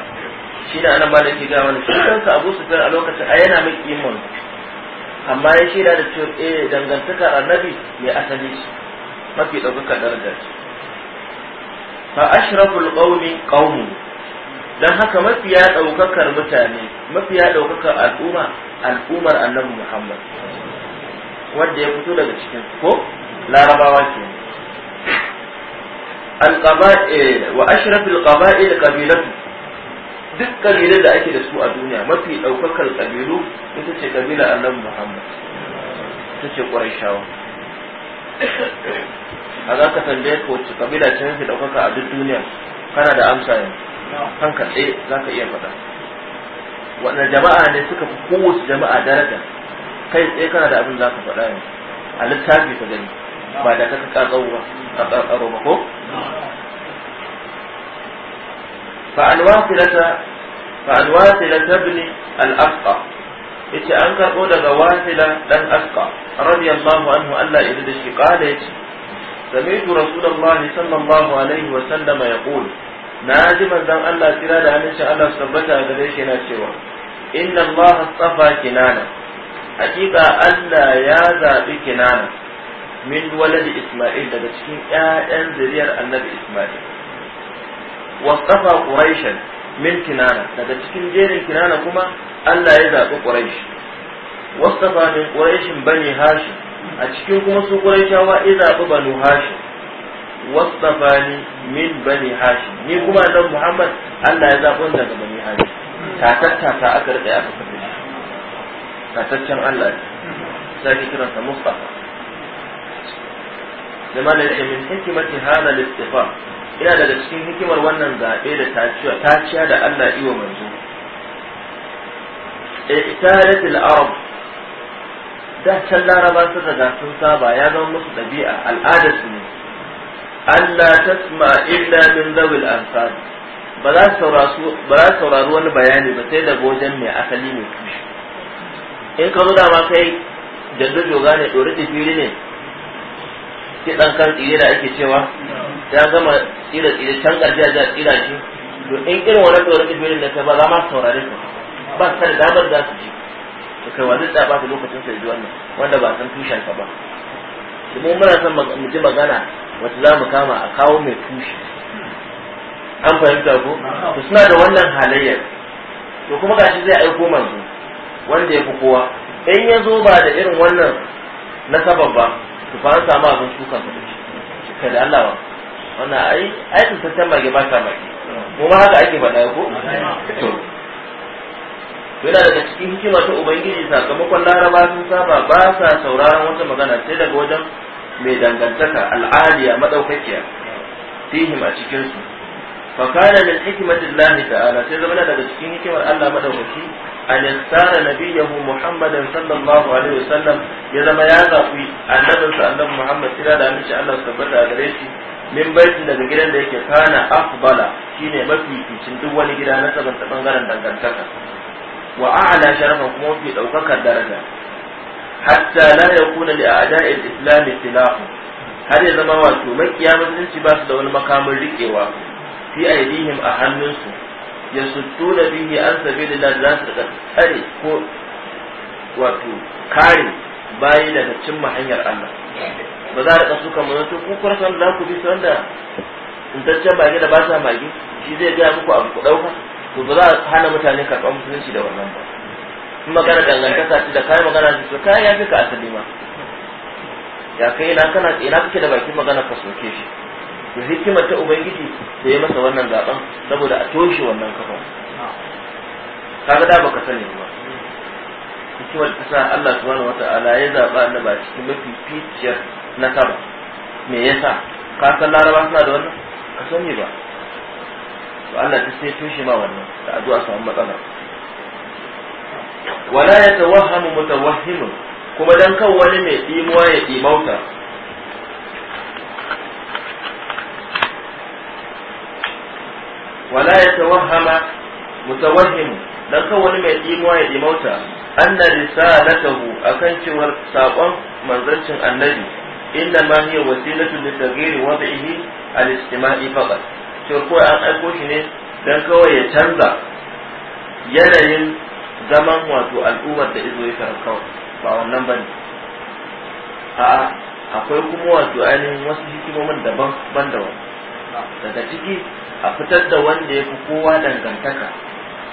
shi ne anan malam yake ga wani shi kansa Abu Sufyan a lokacin a yana mai kimon amma ya shaida da cewa eh dangantaka annabi mai asali shi mafi ɗaukaka darajar fa ashrafu alqawmi qawmun dan haka mafiya ɗaukakar mutane mafiya ɗaukakar al'umma al'ummar annabi muhammad wanda ya fito daga cikin ko larabawa ke eh, wa al qaba'il qabilatu duk kabilar da ake da su a duniya mafi ɗaukakar kabilu ita ce kabila annabi muhammad ita ce quraishawa a za ka tambaye ko kabila ce mafi ɗaukaka a duk duniya kana da amsa yanzu kan tsaye eh, za ka iya faɗa wannan jama'a ne suka fi kowace jama'a daraja kai tsaye kana da abin za ka faɗa yanzu a littafi ka gani ba da ka kakaro ba ko فالواصلة ابن al'afka yace an karɓo daga wasila ɗan asqa radiyallahu anhu Allah ya da shi kada yace sami'tu rasulullahi sallallahu alaihi wa sallama yaqul na ji manzon Allah kira da hannun Allah su tabbata ga dai shi yana cewa inna Allah tsafa kinana hakika Allah ya zabi kinana min waladi Isma'il daga cikin ƴaƴan zuriyar Annabi Isma'il wa tsafa min kinana daga cikin jerin kinana kuma Allah ya zabi Quraish wa tsafa min Quraishin bani Hashim a cikin kuma su Quraishawa ya zabi banu Hashim wasafani min bani hashim ni kuma nan muhammad Allah ya zaɓo daga bani hashim tatattata aka rike aka kafa shi tataccen Allah sai kiran sa mustafa zama da yake min hikimati da listifa ina daga cikin hikimar wannan zaɓe da taciya taciya da Allah iwa manzo ihtalat al-arab da can laraba suka ga sun saba ya zama musu ɗabi'a al'adar ne An la tasma illa min zawil anfal ba za su saurari wani bayani ba sai daga wajen mai asali mai tushe in ka zo dama kai jaddo joga ne ɗori tafiri ne dan kan tsire da ake cewa ya gama tsire tsire can ƙarshe ya tsira shi to in irin wani ɗori tafiri ne ka ba za ma saurare ka ba su da damar za su ji to kai wani da ba ta lokacin sai ji wannan wanda ba san tushen ka ba domin muna son mu ji magana wata za mu kama a kawo mai tushe an fahimta ko to suna da wannan halayyar to kuma gashi zai aiko manzo wanda ya fi kowa in ya zo ba da irin wannan nasabar ba to fa an samu abin shuka ka shi kada Allah ba wannan ai ai tsantan mage ba ta mage kuma haka ake faɗa ko to yana daga cikin hikima ta ubangiji sakamakon laraba sun saba ba sa sauraron wata magana sai daga wajen mai dangantaka al'aliya madaukakiya fihim a cikin su fa kana min hikmatillahi ta'ala sai zama daga cikin hikimar Allah madaukaki an yassara nabiyahu muhammadan sallallahu alaihi wasallam ya zama ya zafi annabinsa annabi muhammad Sira da amince Allah su tabbata a gare shi min baitin daga gidan da yake kana Af'bala shine mafi ficin duk wani gida na saban ta bangaren dangantaka wa a'la sharafan kuma mafi daukakar daraja hatta la ni a ada al-islam silahu har ya zama wato makiya musulunci ba su da wani makamin riƙewa fi aidihim a hannunsu ya suttu da bihi an sabi da za su daga tsare ko wato kare bayi daga cimma hanyar Allah ba za a rika suka mu zato ku kurasa da ku bi wanda intaccen bage da ba sa mage shi zai gaya muku abu ku ɗauka to ba za a hana mutane karɓar musulunci da wannan ba magana dangantaka ce da kai magana su ta ya fi ka asali ma ya kai ina kana ina kake da bakin magana ka soke shi to hikimar ta ubangiji da ya masa wannan zaben saboda a toshe wannan kafa kaga da baka sani ba hikimar ta sa Allah subhanahu wataala ya zaba annabi ba cikin mafi na nasaba me yasa ka san laraba suna da wannan ka sani ba to Allah ta sai toshe ma wannan da addu'a a samu matsala wala ya tawahhamu mutawahhimun kuma dan kan wani mai imuwa ya imauta wala ya tawahhama mutawahhimun dan kan akan cewar saƙon manzancin annabi inna ma hiya wasilatu li taghyir wad'ihi al-istima'i faqat to ko an aiko shi ne dan kawai ya canza yanayin zaman wato al'ummar da izo ya karkau ba wannan bane a akwai kuma wato ainihin wasu hikimomin daban ban da daga ciki a fitar da wanda ya fi kowa dangantaka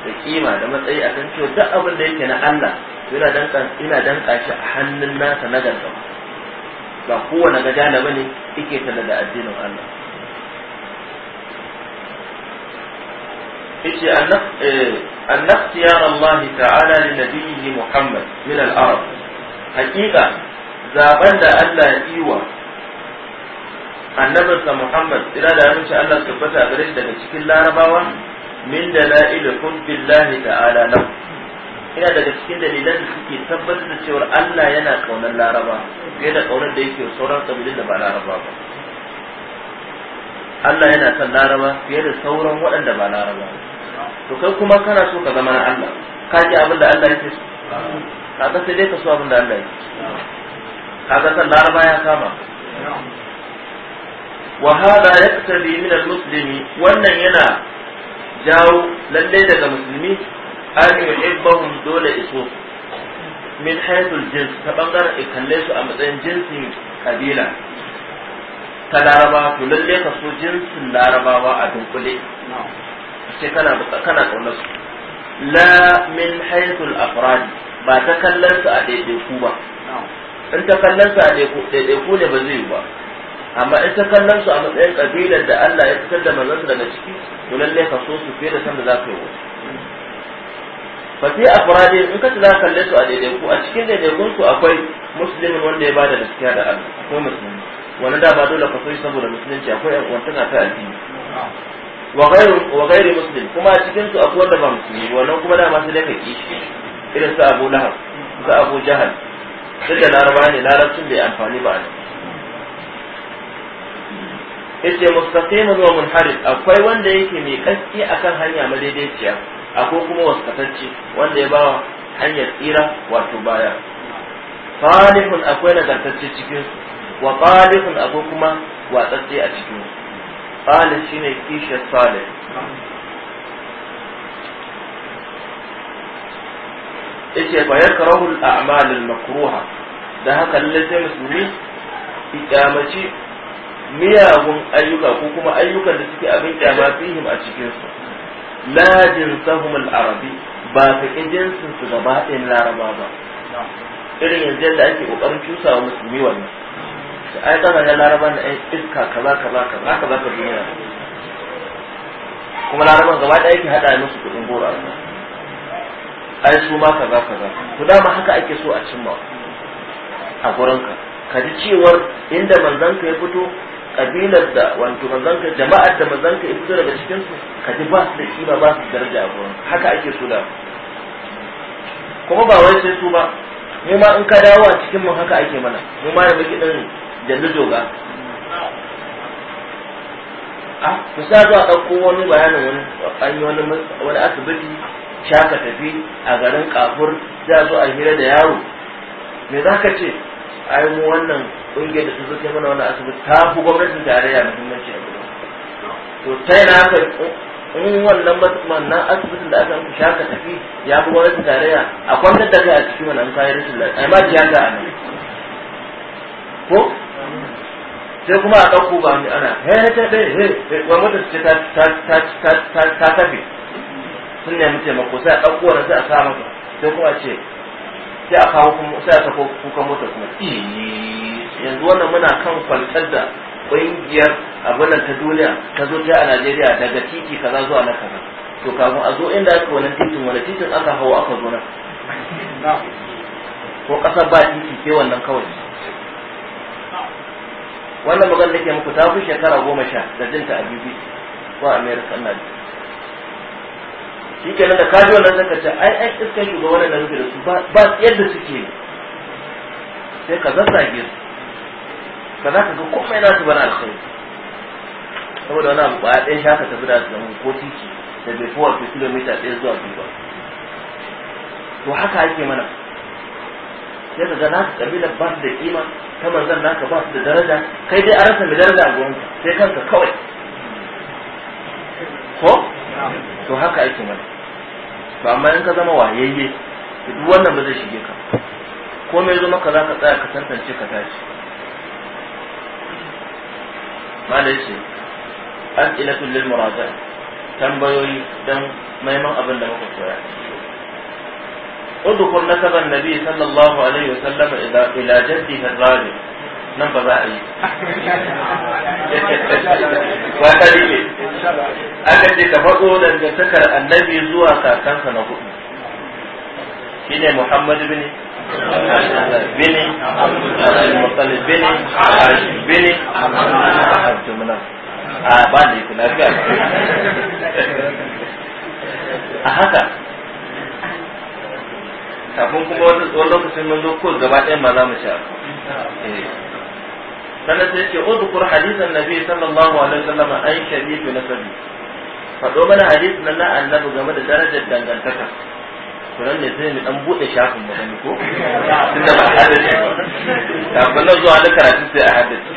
da kima da matsayi a kan cewa duk abin da yake na Allah yana danka ina danka shi a hannun nasa na gargaba ba kowane gajana bane yake tana da addinin Allah yace eh, annaf siyar Allah ta'ala li nabiyyi Muhammad min al-arab hakika zaben da Allah ya iwa annabinsa Muhammad ina da aminci Allah tabbata a garin daga cikin larabawa min dalail hubbillahi ta'ala lahu ina daga cikin dalilan da suke tabbatar da cewar Allah yana ƙaunar laraba fiye da ƙaunar da yake sauran kabilun da ba laraba ba Allah yana son laraba fiye da sauran waɗanda ba laraba to kai kuma kana so ka zama na Allah ka ji abin da Allah yake so kaga sai dai ka so abin da Allah yake kaga san laraba ya kama wa hada yaktabi min al-muslimi wannan yana jawo lalle daga musulmi an yuhibbahum dole iso min haythul jins ta bangaren ikalle su a matsayin jinsin kabila ta laraba to lalle ka so jinsin larabawa a dunkule ce kana kana kaunar su la min haythul afrad ba ta kallon su a ku ba in ta kallon su a ku ne ba zai yi ba amma in ta kallon su a matsayin kabilar da Allah ya fitar da manzon daga ciki to lalle ka so su fiye da san da za ka yi wasu fa fi afrad in ka tsaya kalle su a ku. a cikin daidaikun su akwai muslimin wanda ya bada gaskiya da Allah akwai muslimin wannan da ba dole ka soyi saboda musulunci akwai yan tana ta addini wa gairi muslim kuma a cikin su akwai wanda ba musulmi wannan kuma dama sai ka ki irin su Abu Lahab su Abu Jahal duk da laraba ne larabcin bai amfani ba ne yace mustaqimun wa munharif akwai wanda yake mai kaski akan hanya madaidaiciya akwai kuma waskatacce wanda ya bawa hanyar tsira wato baya salihun akwai nagartacce cikin wa qalihun abu kuma watsatse a cikin qalih shine kishiyar salih yace fa yakrahu al-a'mal al-makruha da haka lalle musulmi ikamaci miyagun ayyuka ko kuma ayyukan da suke abin kyama fihim a cikin su la jinsahum al-arabi ba ka jinsin su gaba ɗayan laraba ba irin yanzu da ake kokarin cusa wa musulmi wannan ai kasashen laraban da iska kaza kaza kaza haka za ka duniya kuma laraban gaba ɗaya yake haɗa musu kuɗin gora a ai su ma kaza kaza to dama haka ake so a cimma a gurinka ka ji cewar inda manzanka ya fito kabilar da wato manzanka jama'ar da manzanka ya fito daga cikin su ka ji ba su da kima ba su daraja a gurin haka ake so da kuma ba wai sai su ba mu ma in ka dawo a cikin mu haka ake mana mu ma da muke dan jallu joga a ah, ku sa zuwa ɗauko wani bayanin wani an wani wani asibiti shaka tafi a garin kafur za zo a hira da yaro me za ka ce ai mu wannan ƙungiyar da ta zo ta mana wannan asibiti ta fi gwamnatin tarayya muhimmanci a gudu to ta na haka in wannan wannan asibitin da aka yi shaka tafi ya fi gwamnatin tarayya a kwanan da kai a cikin wannan kayan rashin lafiya ai ma tiyata a ko sai kuma a ɗauko ba ni ana he he he he he wai ta ce ta ta ta ta ta ta tafi sun nemi taimako sai a ɗauko wani sai a sa mata sai kuma ce sai a kawo kuma sai a sako kukan mota kuma yanzu wannan muna kan kwalitar da ƙungiyar abin ta duniya ta zo ta a Najeriya daga titi kaza zuwa na kaza to kafin a zo inda aka wani titin wani titin aka hawa aka zo na ko ƙasar ba titi ke wannan kawai wannan magana da ke muku ta fi shekara goma sha da jinta a bibi ko a na shi ke da kaji wannan zaka ce ai ai iskan shugaban da nufi da su ba yadda suke sai ka zasa su ka za ka ga komai na su bana alkhairi saboda wani abu ba ɗaya shaka tafi da su zama ko titi da bai fi wato kilomita ɗaya zuwa biyu ba to haka ake mana sai ka ga nasu kabilar ba da kima ta manzan naka ba da daraja kai dai a rasa mai daraja a gurin sai kanka kawai ko to haka ake mana to amma in ka zama wayayye duk wannan ba zai shige ka ko mai zo maka za ka tsaya ka tantance ka tashi mala yace an ila lil muraja'a tambayoyi dan maiman abin da muka koya udukur nasaban nabi sallallahu alaihi wasallam ila jaddihi ar-rabi nan ba za a yi ba ta aka ce ka faɗo dangantakar annabi zuwa kakansa na hudu shine muhammad bin bin abdul bin hashim bin abdul a ah, ba a haka kafin kuma wata tsohon lokacin mun zo ko gaba ɗaya ma za mu sha eh. sannan sai ce udkur hadisan nabi sallallahu alaihi wasallam an sharifu sabi faɗo mana hadisin nan na annabi game da darajar dangantaka to ne sai mu dan bude shafin mu gani ko tunda ba hadisi ba kafin nan zuwa da karatu sai a hadisi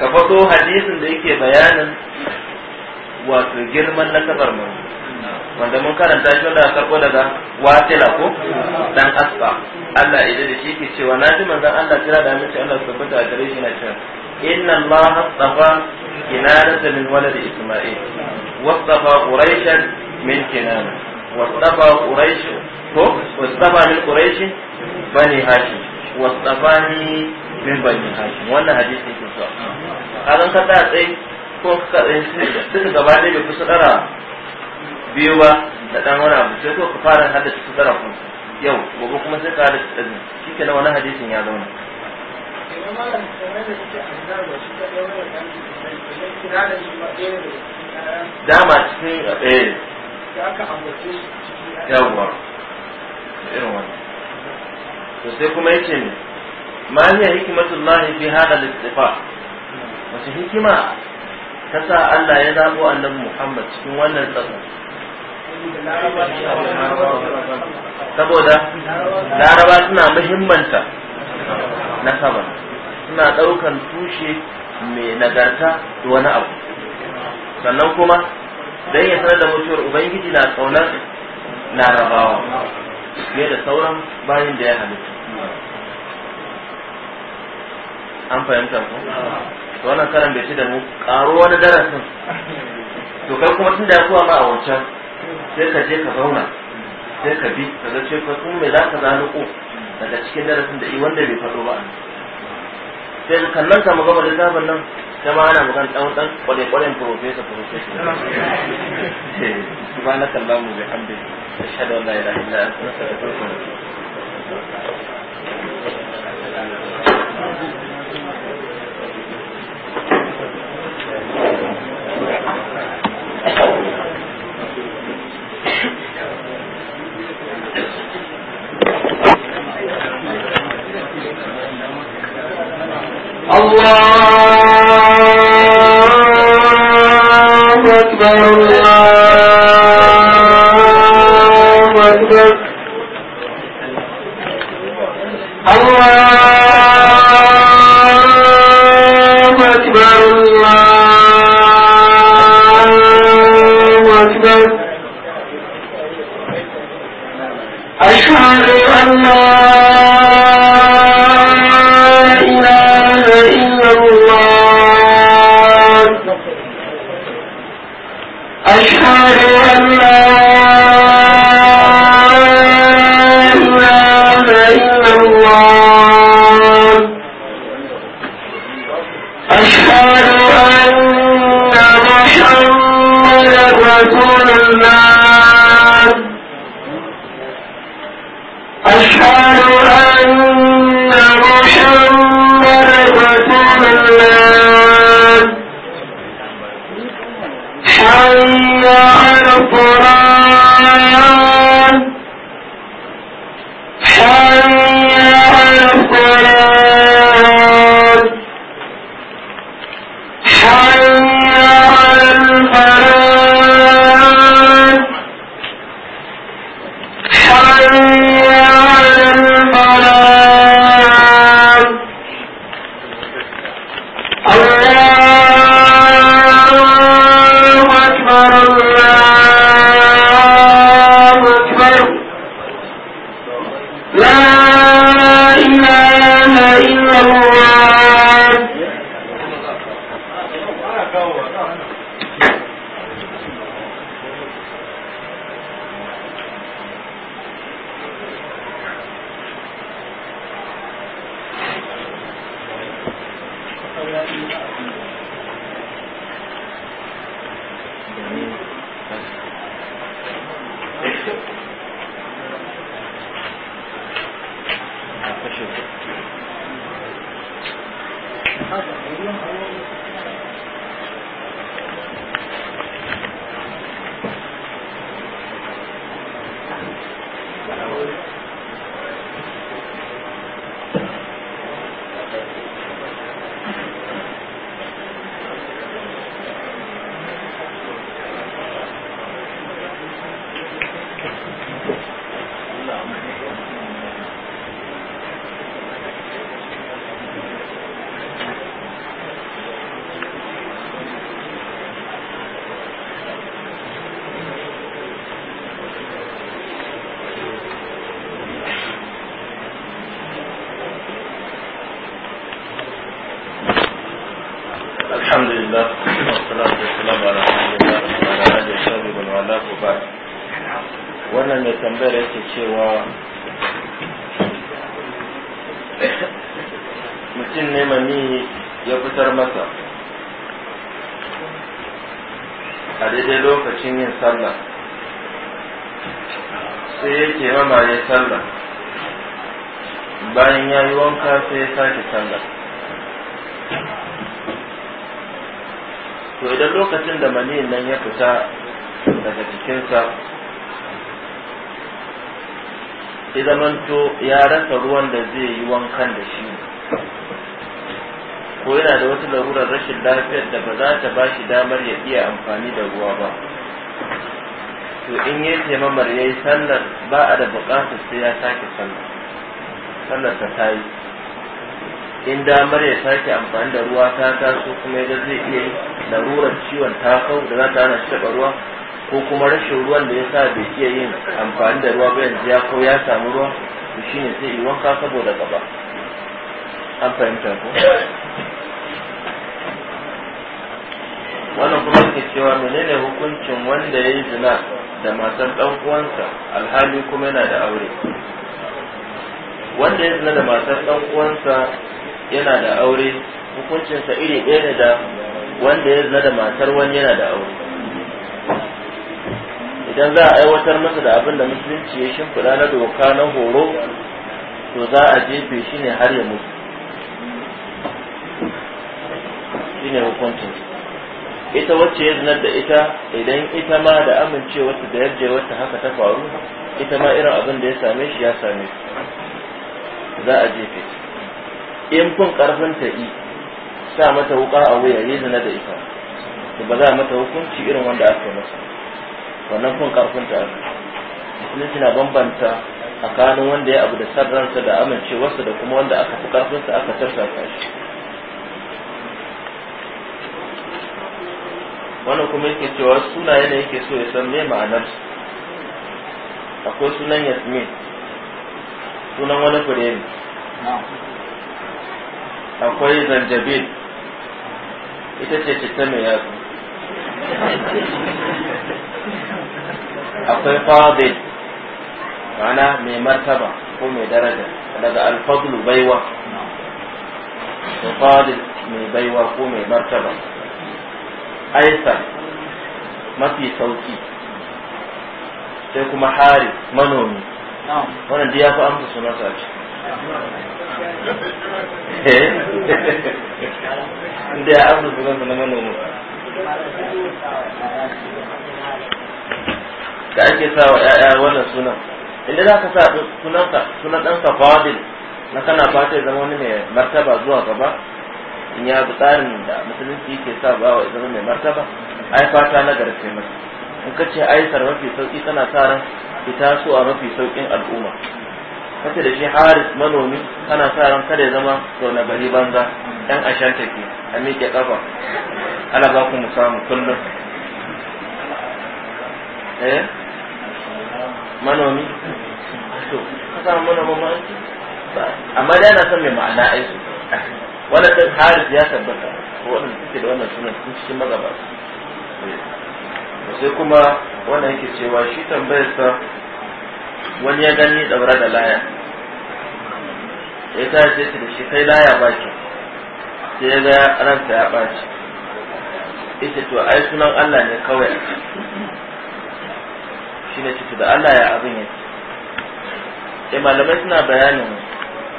ka faɗo hadisin da yake bayanin wato girman nasabar mu. wanda mun karanta shi wanda karɓo daga watila ko dan asfa Allah ya shi ke cewa na ji manzon Allah kira da mace Allah su tabbata a gare shi na cewa inna Allah astafa kinanata min walad isma'il wastafa quraishan min kinana wastafa quraish ko wastafa min quraish bani hashim ni min bani hashim wannan hadisi ke so A ka da tsaye ko ka tsaye duka gaba ɗaya kusa ɗara biyu ba da dan wani abu sai ko ka fara haddace su sarafin yau gobe kuma sai ka haddace tsazin shi ke wani hadisin ya zauna dama cikin ɗaya eh, yawwa irin wannan to sai kuma yace ne ma hiya hikmatullahi fi hada al-ittifaq wace hikima ta sa Allah ya zabo annabi Muhammad cikin wannan tsaka saboda laraba suna muhimmanta na sama suna ɗaukan tushe mai nagarta da wani abu sannan kuma don ya sanar da mutuwar ubangiji na tsaunar larabawa fiye da sauran bayan da ya halitta an fahimta ko to wannan karan bai ci da mu karo wani darasin to kai kuma tun da ya kuwa ba a wancan sai ka je ka zauna sai ka bi ka ga ce kuma me za ka ko daga cikin darasin da wanda bai faɗo ba sai ka kallon ka magana da zaban nan ta ma ana magana ɗan ɗan kwale kwale professor professor ba na kallon mu bai hamdi ta shaɗa wallahi da ila an Thank you. الله أكبر cewa mutum ne mani ya fitar masa a daidai lokacin yin sallah sai yake ya sallah bayan ya yi wanka sai ya sake sallah to idan lokacin da mani nan ya fita daga jikinsa izamanto ya rasa ruwan da zai yi wankan da shi ko yana da wata larurar rashin lafiyar da ba za ta ba shi damar ya iya amfani da ruwa ba to in yi ce mamar ya yi sallar ba a da bukatar sai ya sake sallar ta ta yi in damar ya sake amfani da ruwa ta taso kuma ya zai iya yi larurar ciwon ta kau da za ta hana shi taɓa ruwa ko kuma rashin ruwan da ya sa bai iya yin amfani da ruwa bayan ya ko ya samu ruwa to shine sai yi wanka saboda gaba an fahimta ko wannan kuma yake cewa menene hukuncin wanda ya yi zina da matar dan uwansa alhali kuma yana da aure wanda ya zina da matar dan uwansa yana da aure hukuncinsa iri ɗaya ne da wanda ya zina da matar wani yana da aure idan za a aiwatar masa da abin da musulunci ya shimfiɗa na doka na horo to za a jefe shi ne har ya mutu shi ne hukuncin ita wacce ya zinar da ita idan ita ma da amincewarta da wata haka ta faru ita ma irin abin da ya same shi ya same shi za a jefe in kun karfin ta yi sa mata wuka a wuya ya zina da ita ba za a mata hukunci irin wanda aka masa wannan kun karfin ta musulunci na bambanta tsakanin wanda ya abu da sarransa da amincewarsa da kuma wanda aka fi karfinsa aka sarsarta shi wannan kuma yake cewa sunaye da yake so ya san me ma'anarsu akwai sunan yasmin sunan wani fure ne akwai zanjabil ita ce citta mai yatsu akwai fadil ma'ana mai martaba ko mai daraja daga alfadlu baiwa fadil mai baiwa ko mai martaba aisa mafi sauki sai kuma hari manomi wannan da ya fi amsa sunansa ce eh? inda ya amsa sunansa na manomi da ake sa wa ‘ya'ya wannan sunan inda za ka sa sunan ɗanka fadil na kana fata zama wani mai martaba zuwa gaba in ya bi tsarin da musulunci ke sa ba wa zama mai martaba ai fata na garce mai in ka ce aisar mafi sauki tana sa ran fita su a mafi saukin al'umma kace da shi haris manomi kana sa ran kada ya zama sau na gari banza dan ashanta ke a miƙe kafa ana ba ku mu samu kullum eh? manomi to ka samu manoman ma amma da yana son mai ma'ana aiki wannan ɗin harif ya tabbata ko waɗanda suke da wannan sunan sun cikin magabata eh, sai kuma wannan yake cewa shi tambayar sa wani ya gani daura da laya ya tashi ya da shi kai laya baki sai ya ga ranta ya ɓaci ita to ai sunan Allah ne kawai shi ne ciki da Allah ya abin yake sai malamai suna bayanin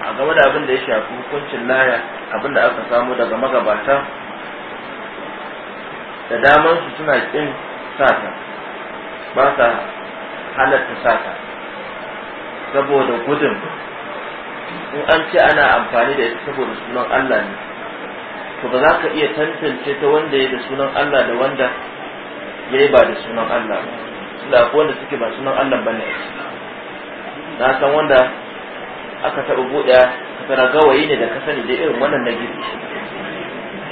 a game da abin da ya shafi hukuncin laya abin da aka samu daga magabata da daman su suna ƙin sata ba sa halatta sata saboda gudun in an ce ana amfani da ita saboda sunan Allah ne to ba za ka iya tantance ta wanda ya da sunan Allah da wanda ya yi ba da sunan Allah ba da wanda suke ba sunan Allah bane na san wanda aka taɓa buɗe tara gawayi ne da ka sani da irin wannan na gidi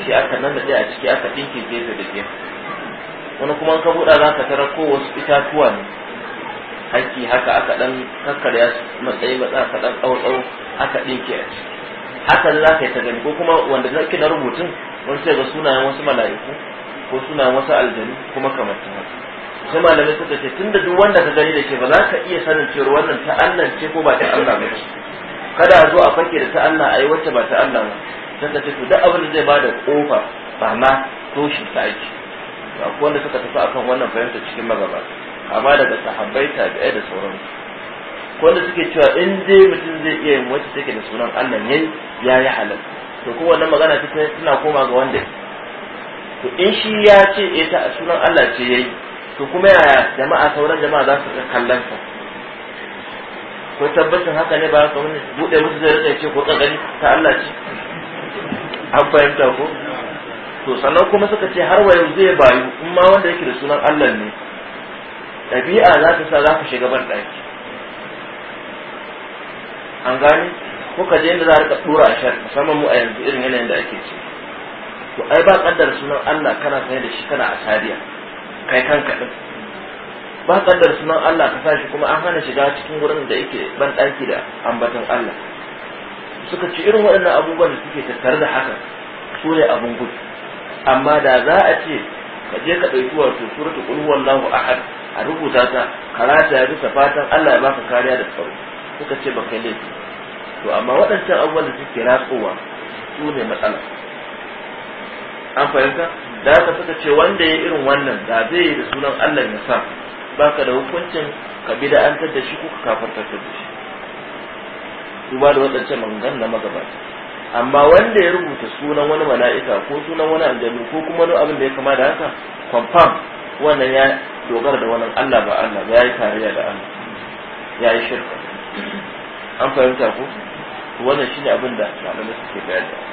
shi aka nan da a ciki aka ɗinke gefe da gefe wani kuma ka buɗa za ka tara ko wasu itatuwa ne haki haka aka ɗan kakkarya matsayi matsa aka ɗan ɗauɗau aka ɗinke a ciki haka za ka yi ta gani ko kuma wanda za ki na rubutun wani sai ga sunayen wasu mala'iku ko sunayen wasu aljanu kuma kamar ta haka sai malamai suka ce tunda duk wanda ka gani da ke ba za ka iya sanin cewa wannan ta Allah ce ko ba ta Allah ba kada a zo a fake da ta Allah ai wacce ba ta Allah ba sai ka ce to duk abin da zai bada kofa barna toshin ta ake ba ko wanda suka tafi akan wannan fahimta cikin magabata amma daga sahabbai tabi'ai da sauransu ko wanda suke cewa in dai mutum zai iya yin wacce take da sunan Allah ne ya yi halal to ko wannan magana ta tana koma ga wanda to in shi ya ce eh ta sunan Allah ce yayi to kuma yaya jama'a sauran jama'a za su ga kallon sa ko tabbacin haka ne ba ka wani bude musu zai rika ce ko gani ta Allah ce an fahimta ko to sannan kuma suka ce har wayo zai bayu in ma wanda yake da sunan Allah ne ɗabi'a za ta sa za ka shiga ban daki an gane ka je inda za ka dora a shar musamman mu a yanzu irin yanayin da ake ci to ai ba kaddar sunan Allah kana sai da shi kana a sariya kai kanka din ba kaddar sunan Allah ka sashi kuma an hana shiga cikin wurin da yake ban daki da ambaton Allah suka ci irin waɗannan abubuwan da suke tattare da haka su ne abun gudu amma da za a ce ka je ka ɗauki wato suratu qul huwallahu ahad a rubuta ta karata ya duka fatan Allah ya baka kariya da tsaro suka ce baka laifi to amma waɗancan abubuwan da suke ratsowa su ne matsala an fahimta da ka suka ce wanda ya irin wannan da zai yi da sunan Allah ya sa baka da hukuncin ka bi da an da shi ko ka kafartar da shi duba da wadancan mangan na magabata amma wanda ya rubuta sunan wani mala'ika ko sunan wani aljanu ko kuma wani abin da ya kama da haka confirm wannan ya dogara da wannan Allah ba Allah ba ya yi tarayya da Allah ya yi shirka an fahimta ko wannan shine abin da malamai suke bayar da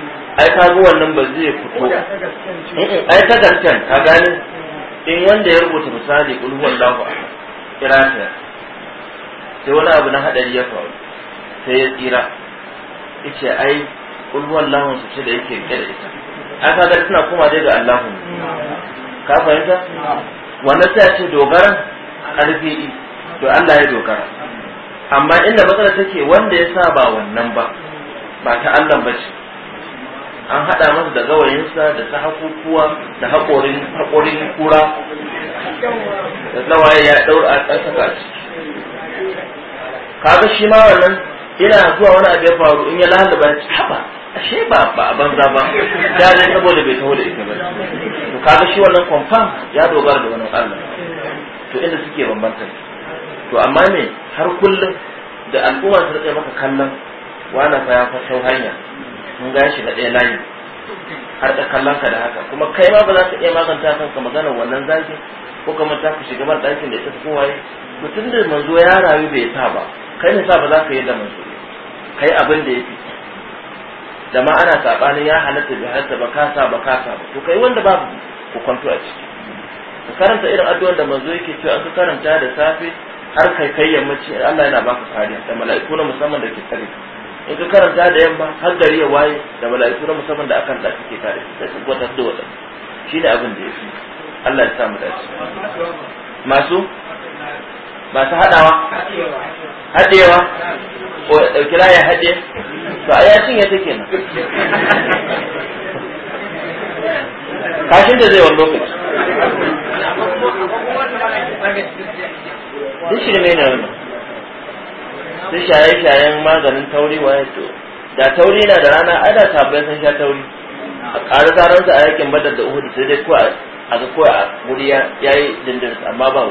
ai ka ga wannan ba zai fito eh, eh, ai ta gasken ka gane in wanda ya rubuta misali kulhuwan lahu a kirata sai wani abu na hadari ya faru sai ya tsira yace ai kulhuwan lahu su ce da yake rike da ita ai ka ga tana kuma dai ga Allahu ka fahimta wannan sai ce dogara alfi'i to Allah ya dogara amma inda matsala take wanda ya sa ba wannan ba ba ta Allah ba ce an haɗa masa da gawayinsa da ta hakukuwa da haƙorin haƙorin kura da tsawaye ya ɗaura a ƙasaka a ciki kaga shi ma wannan ina zuwa wani abu ya faru in ya lalaba ya ci haba ashe ba ba a banza ba ya zai saboda bai taho da ita ba to kaga shi wannan kwamfam ya dogara da wannan allah to inda suke bambanta to amma ne har kullum da al'umma su rike maka kallon na fa ya fasau hanya mun ga shi na ɗaya layi har da kallon ka da haka kuma kai ma ba za ka iya maganta kanka maganar wannan zagin ko kamar ta ka shiga ɗakin da ita yi mutum da manzo ya rayu bai sa ba kai ne sa ba za ka yi da manzo kai abin da ya fi da ma ana saɓanin ya halatta bai halatta ba ka sa ba ka sa ba to kai wanda babu ku kwanto a ciki ka karanta irin addu'ar da manzo yake cewa an ka karanta da safe har kai kai yammaci Allah yana baka kariya da mala'iku na musamman da ke tsare in ka karanta da yamma har gari ya waye da mala'iku na musamman da akan da suke kare sai su gwata da wata shi ne abin da ya fi Allah ya samu dace masu masu haɗawa haɗewa ko kira ya haɗe to a yacin ya take nan kashin da zai wani lokaci duk shirme ne wannan su shaye-shayen maganin tauri waye to da tauri na da rana a da sabai sun sha tauri a ƙari zaran su a yakin badar da uhudu sai dai ko a ga ko a wuri ya yi dindin amma ba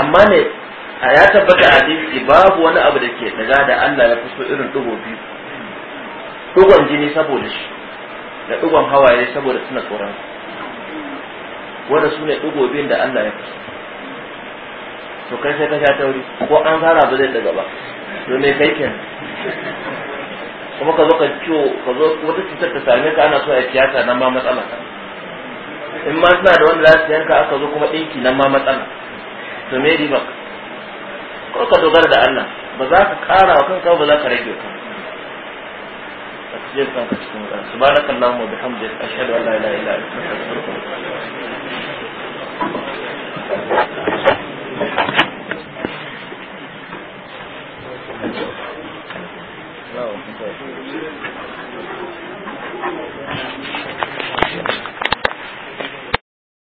amma ne a ya tabbata a hadisi babu wani abu da ke daga da Allah ya fuso irin dugo biyu dugon jini saboda shi da dugon hawaye saboda suna tsoron wanda su ne dugo biyun da Allah ya fuso to kai sai ka sha wuri ko an fara ba zai daga ba to me kai ken kuma ka zo ka ciwo ka zo wata cutar ta same ka ana so a tiyata nan ma matsala in ma suna da wanda za su yanka aka zo kuma ɗinki nan ma matsala to me maka ko ka dogara da Allah ba za ka ƙara wa kanka ba za ka rage ka تسجيل كان تسجيل سبحانك اللهم وبحمدك أشهد أن لا إله إلا أنت أستغفرك Bravo.